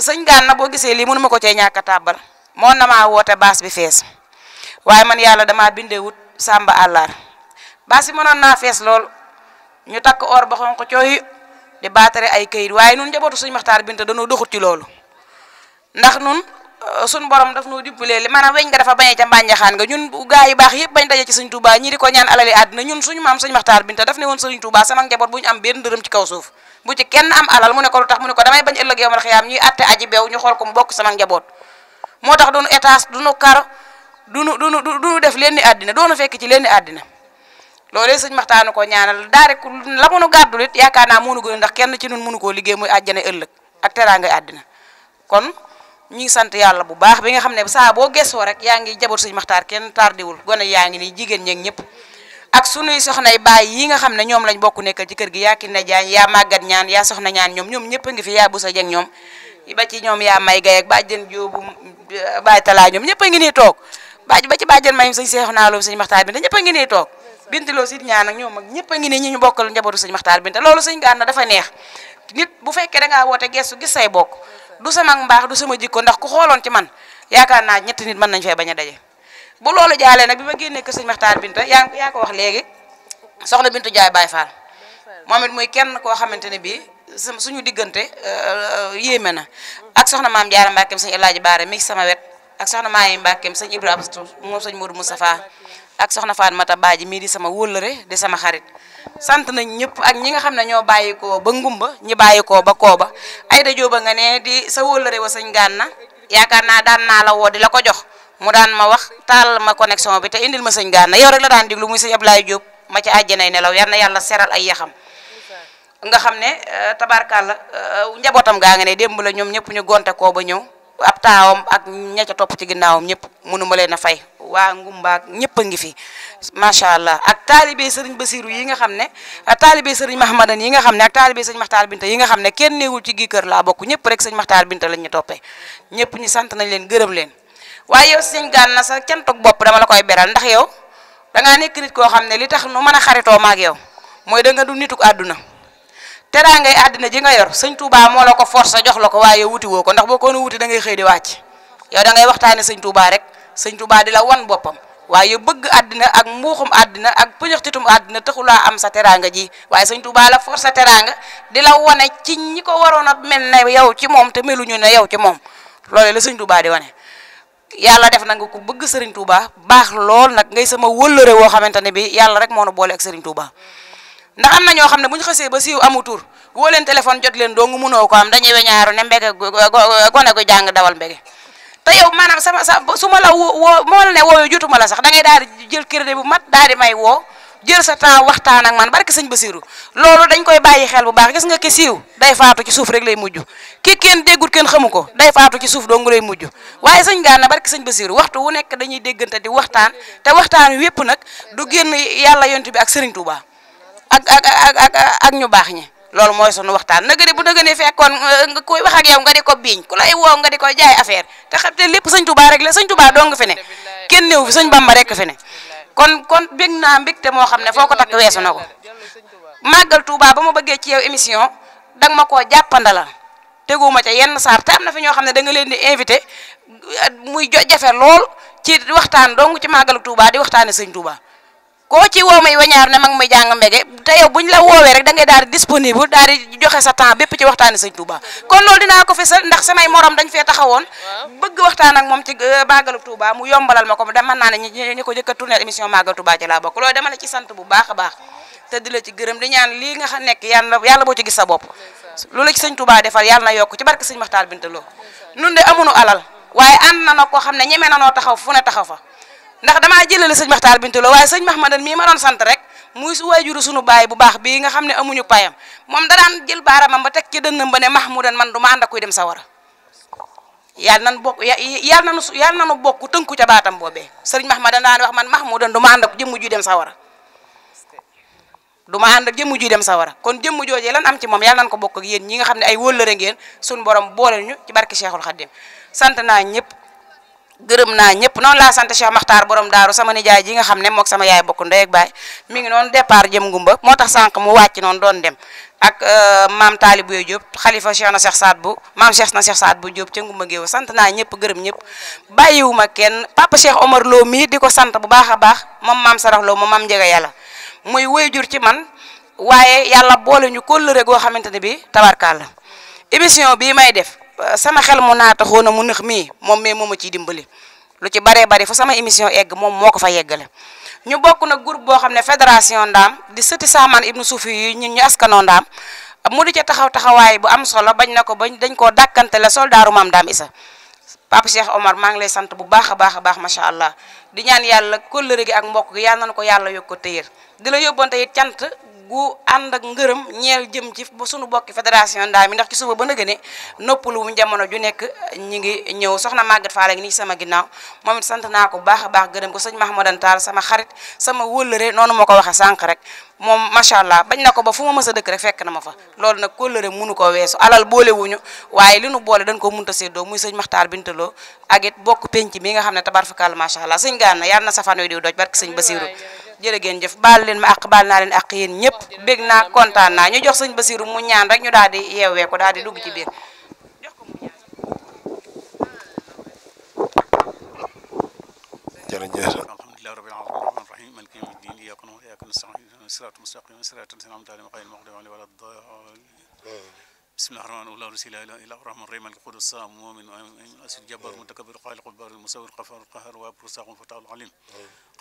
sëñ gaan na boo gisee lii mënu ma ko cee ñàkk a tàbbal moo na maa woote baas bi fees waaye man yàlla damaa bindewut sàmba àllaar baas bi mënoon naa fees lool ñu takk or ba xonq cooy di baatare ay këyit waaye nun njabootu suñu maxtaar binta danoo doxut ci loolu ndax nun Euh, suñ borom daf noo dimbalee li a weñ nga dafa bañee ca mbànjaxaan nga ñun gaa yu baax yëpp bañ daje ci sëñ Touba ñi di ko ñaan alali àddina ñun suñu maam sëñ Maxtaar Binta daf ne woon sëñ Touba sama njaboot bu ñu am benn dërëm mu ne ko lu tax mu bañ ëllëg yow ma xiyaam ñuy doonu fekk ci lenn àddina loolee sëñ Maxtaar ko ñaanal daa rek la mënu gàddul it yaakaar naa mënu gën ndax kenn ci ñun mënu koo liggéey muy àjjana ëllëg ak teraanga àddina kon ñu ngi sant yàlla bu baax bi nga xam ne saa boo gessoo rek yaa ngi jaboot sëñ maxtaar kenn tardewul gone yaa ngi nii jigéen ñeeg ñëpp ak sunuy soxnay baay yi nga xam ne ñoom lañ bokk nekkal ci kër gi yaa ki na jaañ yaa màggat ñaan yaa soxna ñaan ñoom ñoom ñëpp ngi fi yaa bu sa jeg ñoom ba ñoom yaa may gay ak bàjjen joobu baay talaa ñoom ñëpp a ngi nii toog baaj ba ci bàjjen mayum sëñ seexu naa loolu sëñ maxtaar binta ñëpp a toog bintiloo sit ñaan ak ñoom ak ñëpp ngi nii ñi ñu bokkal njabootu sëñ maxtaar binta loolu sëñ gaan na dafa neex nit bu fekkee dangaa woote gestu gis say bokk du sama mbaax du sama jikko ndax ku xooloon ci man yaakaar naa ñetti nit mën nañ fee bañ a daje bu loolu jaalee nag bi ma génnee kër sëñ Maxtaar Binta yaa yaa ko wax léegi soxna Bintu Jaay Baay Faal moom it muy kenn koo xamante ne bii suñu diggante euh, yéeme na ak soxna maam Jaara Mbàkkeem sëñ Elaaji Baare mi sama wet ak soxna Maay Mbàkkeem sëñ Ibrahima moom sëñ Modou Moustapha ak soxna Faat Mata Baaji mii di sama wóllëre di sama xarit sant nañ ñëpp ak ñi nga xam ne ñoo koo ba ngumba ñi koo ba ba ay dajoo ba nga ne di sa wóolare wa sëñ Gana yaakaar naa daan naa la woo di la ko jox mu daan ma wax taal ma connexion bi te indil ma sëñ gaana yow rek la daan diglu muy sëñ Ablaye Diop ma ci àjjanay nelaw yar na yàlla seral ay yaxam nga xam ne euh, tabarkàlla euh, njabootam gaa nga ne démb la ñoom ñëpp ñu gonte koo ba ñëw ab taawam ak ña topp ci ginnaawam ñëpp mënu leen a fay waa ngumbaak ñëpp a ngi fi macha allah ak taalibé sëriñ Basiru yi nga xam ne ak taalibé sëriñ Mahmadan yi nga xam ne ak taalibé sëriñ Maxtaar Binta yi nga xam ne kenn néewul ci gi kër laa bokk ñëpp rek sëñ Maxtaar Binta lañ ñu toppee ñëpp ñu sant nañ leen gërëm leen waaye yow sëñ Gana sa cantoog bopp dama la koy beral ndax yow dangaa nekk nit koo xam ne li tax nu mën a xaritoo maak yow mooy da nga du nituk àdduna teraa ngay àdduna ji nga yor sëñ Touba moo la ko force jox la ko waaye wuti woo ko ndax ko woon wuti da ngay xëy di wàcc yow da ngay waxtaane sëñ Touba rek sëñ Tuubaa di la wan boppam waaye bëgg àddina ak mbuuxum àddina ak pëñaxtitum àddina taxulaa am sa teraanga ji waaye sëñ Tuubaa la for sa teraanga di la wane ci ñi ko waroon a mel ne yow ci moom te meluñu ne yow ci moom loole la sëñ Tuubaa di wane yàlla def na nga ku bëgg sëriñ Touba baax lool nag ngay sama wëllëre woo xamante ne bi yàlla rek moo nu boole ak sëriñ Touba ndax na ñoo xam ne bu ñu xasee ba siiw amu tur woo leen téléphone jot leen doo nga munoo ko am dañuy te yow maanaam sama sa su ma la woo moo la ne wooyu jotuma la sax da ngay daal di jël crédit bu mat daal di may woo jël sa temps waxtaan ak man barke sëñ Basiru loolu dañ koy bàyyi xel baax gis nga ki siiw day faatu ci suuf rek lay mujj ki kenn déggut kenn xamu ko day faatu ci suuf dong lay mujj waaye sëñ Gana barke sëñ Basiru waxtu wu nekk dañuy déggante di waxtaan te waxtaan wi yépp nag du génn yàlla yonent bi ak Sëriñ Tuubaa ak ak ak ak ak ñu baax ñi loolu mooy sunu waxtaan nag de bu nag ne fekkoon euh, nga koy wax ak yow nga di ko biiñ ku lay woo nga di ko jaay affaire te xam te lépp sëñ Tuubaa rek la sëñ Tuubaa dong fi ne kenn néew fi sëñ Bamba rek fi ne kon kon bég naa mbégte moo xam ne foo ko takk weesu na ko màggal Tuubaa ba ma bëggee ci yow émission danga ma koo jàppandalal teguma ca yenn saar te am na fi ñoo xam ne danga leen di invité muy jafe lool ci waxtaan dong ci màggalu Tuubaa di waxtaane sëñ Tuubaa koo ci woo may wañaar ne mag muy jàng mbege te yow buñ la woowee rek da ngay daal di disponible daal di joxe sa temps bépp ci waxtaani sëñ Touba kon loolu dina ko fésal ndax samay morom dañ fee taxawoon waxtaan ak moom ci euh, màggalu Touba mu yombalal ma ko dama naa ne ñu ko jëkk a tourné émission màggalu Touba ci laa bokk loolu dama la ci sant bu baax a baax te di la ci gërëm di ñaan lii nga xam nekk yàlla yàlla boo ci gis sa bopp lu la ci sëñ Touba defal yàlla na yokk ci barke sëñ Maxtaar Binta Lo nun de amuñu alal waaye ànd na na koo xam ne ñeme na noo taxaw fu ne taxaw fa ndax damaa jëlale sëñ Maxtaar Bintuloo waaye sëñ Mahmadan mii ma doon sant rek muy su waajuru sunu baay bu baax bii nga xam ne amuñu payam moom danaan jël baaramam ba teg ci dënnam ba ne Mahmudan man du ma ànd ak kuy dem sawara yàlla nan bokk yàlla nanu yàlla nanu bokk tënku ca baatam boobee sëriñ Mahmadan daan wax man Mahmudan du ma ànd ak jëmm juy dem sawara du ma ànd ak jëmm juy sawara kon jëmm joojee lan am ci moom yàlla nan ko bokk ak yéen ñi nga xam ne ay wëllëre ngeen sunu borom boole ñu ci barki barke Cheikhul dem sant naa ñëpp gërëm naa ñëpp noonu laa sant Cheikh Makhtar borom daaru sama nijaay ji nga xam ne mook sama yaay bokk ndey ak baay mi ngi noonu départ jëm ngumba moo tax sànq mu wàcc noonu doon dem ak euh, maam Taalib yooyu Diop xalifa Cheikh na Cheikh Saad bu maam Cheikh na Cheikh Saad bu Diop ca ngumba géew sant naa ñëpp gërëm ñëpp bàyyiwuma kenn papa Cheikh Omar Lo mii di ko sant bu baax a baax moom maam Sarax Lo moom maam Njega yàlla muy wayjur ci man waaye yàlla boole ñu goo xamante ne bii may sama xel mu naata xoo na mu nëx mii moom mais mooma ciy dimbali lu ci baree bari fu sama émission egg moom moo ko fa yeggale ñu bokk na groupe boo xam ne fédération ndaam di sëti saamaan ibnu suufi yi ñun ñu askanoo ndaam mu di ca taxaw taxawaay bu am solo bañ na ko bañ dañ koo dàkkantale soldaaru maam ndaam isa papa Cheikh Omar maa ngi lay sant bu baax a baax a baax macha allah di ñaan yàlla kóllëre gi ak mbokk gi yàlla na ko yàlla yokk ko téyër di la gu ànd ak ngërëm ñeel jëm ci sunu bokki fédération ndaa mi ndax ci suba ba nëgë ne noppalu mu jamono ju nekk ñi ngi ñëw soxna Maguette Fall ak nii sama ginnaaw moom it sant naa ko baax a baax gërëm ko sëñ Mahmoudane Tall sama xarit sama wëllëre noonu moo sànq rek moom macha allah bañ na ko ba fu ma mës a na ma fa loolu nag kóllëre munu ko weesu alal boolewuñu waaye li nu boole dañ ko munta séddoo muy sëñ Maxtaar Bintaloo ak it bokk penc mi nga xam ne tabarfakal macha allah sëñ Gana yàlla na sa fan wi diw doj barki sëñ Basiru jërë ngeen jëf baal leen ma àq baal naa leen àq yéen ñëpp bég naa kontaan naa ñu jox sëñ Basiru mu ñaan rek ñu daal di yeewee ko daal di dugg ci biir jërëjëf alhamdulilah rabbil alamin rahman rahim maliki yawmi din iyyaka na'budu wa iyyaka nasta'in ihdinas siratal mustaqim siratal ladzina bismillahi rahmaani rahim la sila ila rahman rahim al qudus sam mu'min amin asil jabbar mutakabbir khaliq al-bar al-musawwir ghafar al-qahhar wa barsaqun fatah al-alim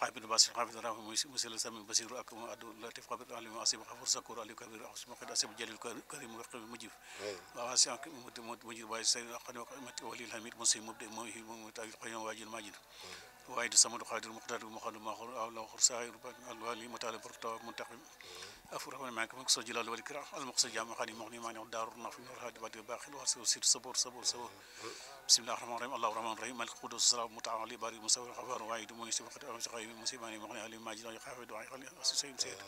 qabid basil hafid rafi musil sami basir akram adu latif qabid alim asib ghafur shakur ali kabir asib mukhid asib jalil karim waqi mujib wa asian mujib mujib wa sayyid aqad wa qimati walil hamid musim mubdi muhi mutawil qayyum wajil waaye di samadu xaadir muxtaar bi muxadu maaxur aw law xur saahiru ba alwali mataale bortawa muntaxim afu rahmane maa kam so jilal wal ikram al muqsa jaam xaali mox ni maa ne daaru naaf nur haadi badi baaxil wa sir sir sabor sabor sabor bismillahi rahmani rahim allahu rahmani rahim malik qudus salaam mutaam ali bari musawir xafaar waaye di mooy si waxat am si xaybi musibani mox ne ali maa jilan xaafe du ay xali asi sayim seet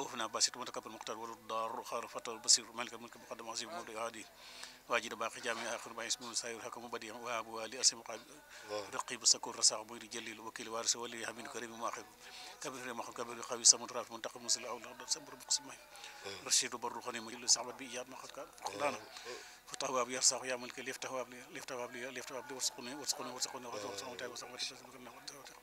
awfna basit mutakabal muxtaar walu daar xaar fatal basir malik al mulk muqaddam azim mawdi aadi واجد باقي جامع آخر ما اسمه سائر حكم بديع وهاب والي أسم رقيب سكور رساق مير جليل وكيل وارث ولي حميد كريم ماخب كبير مخ كبير قوي سمر راف منتقم مسل أولاد سمر بقسم رشيد برو خني مجل سعبد بإياد مخ قلانا فتواب يرساق يعمل كليف تواب لي ليف تواب لي ليف تواب لي ورسقني ورسقني ورسقني ورسقني ورسقني ورسقني ورسقني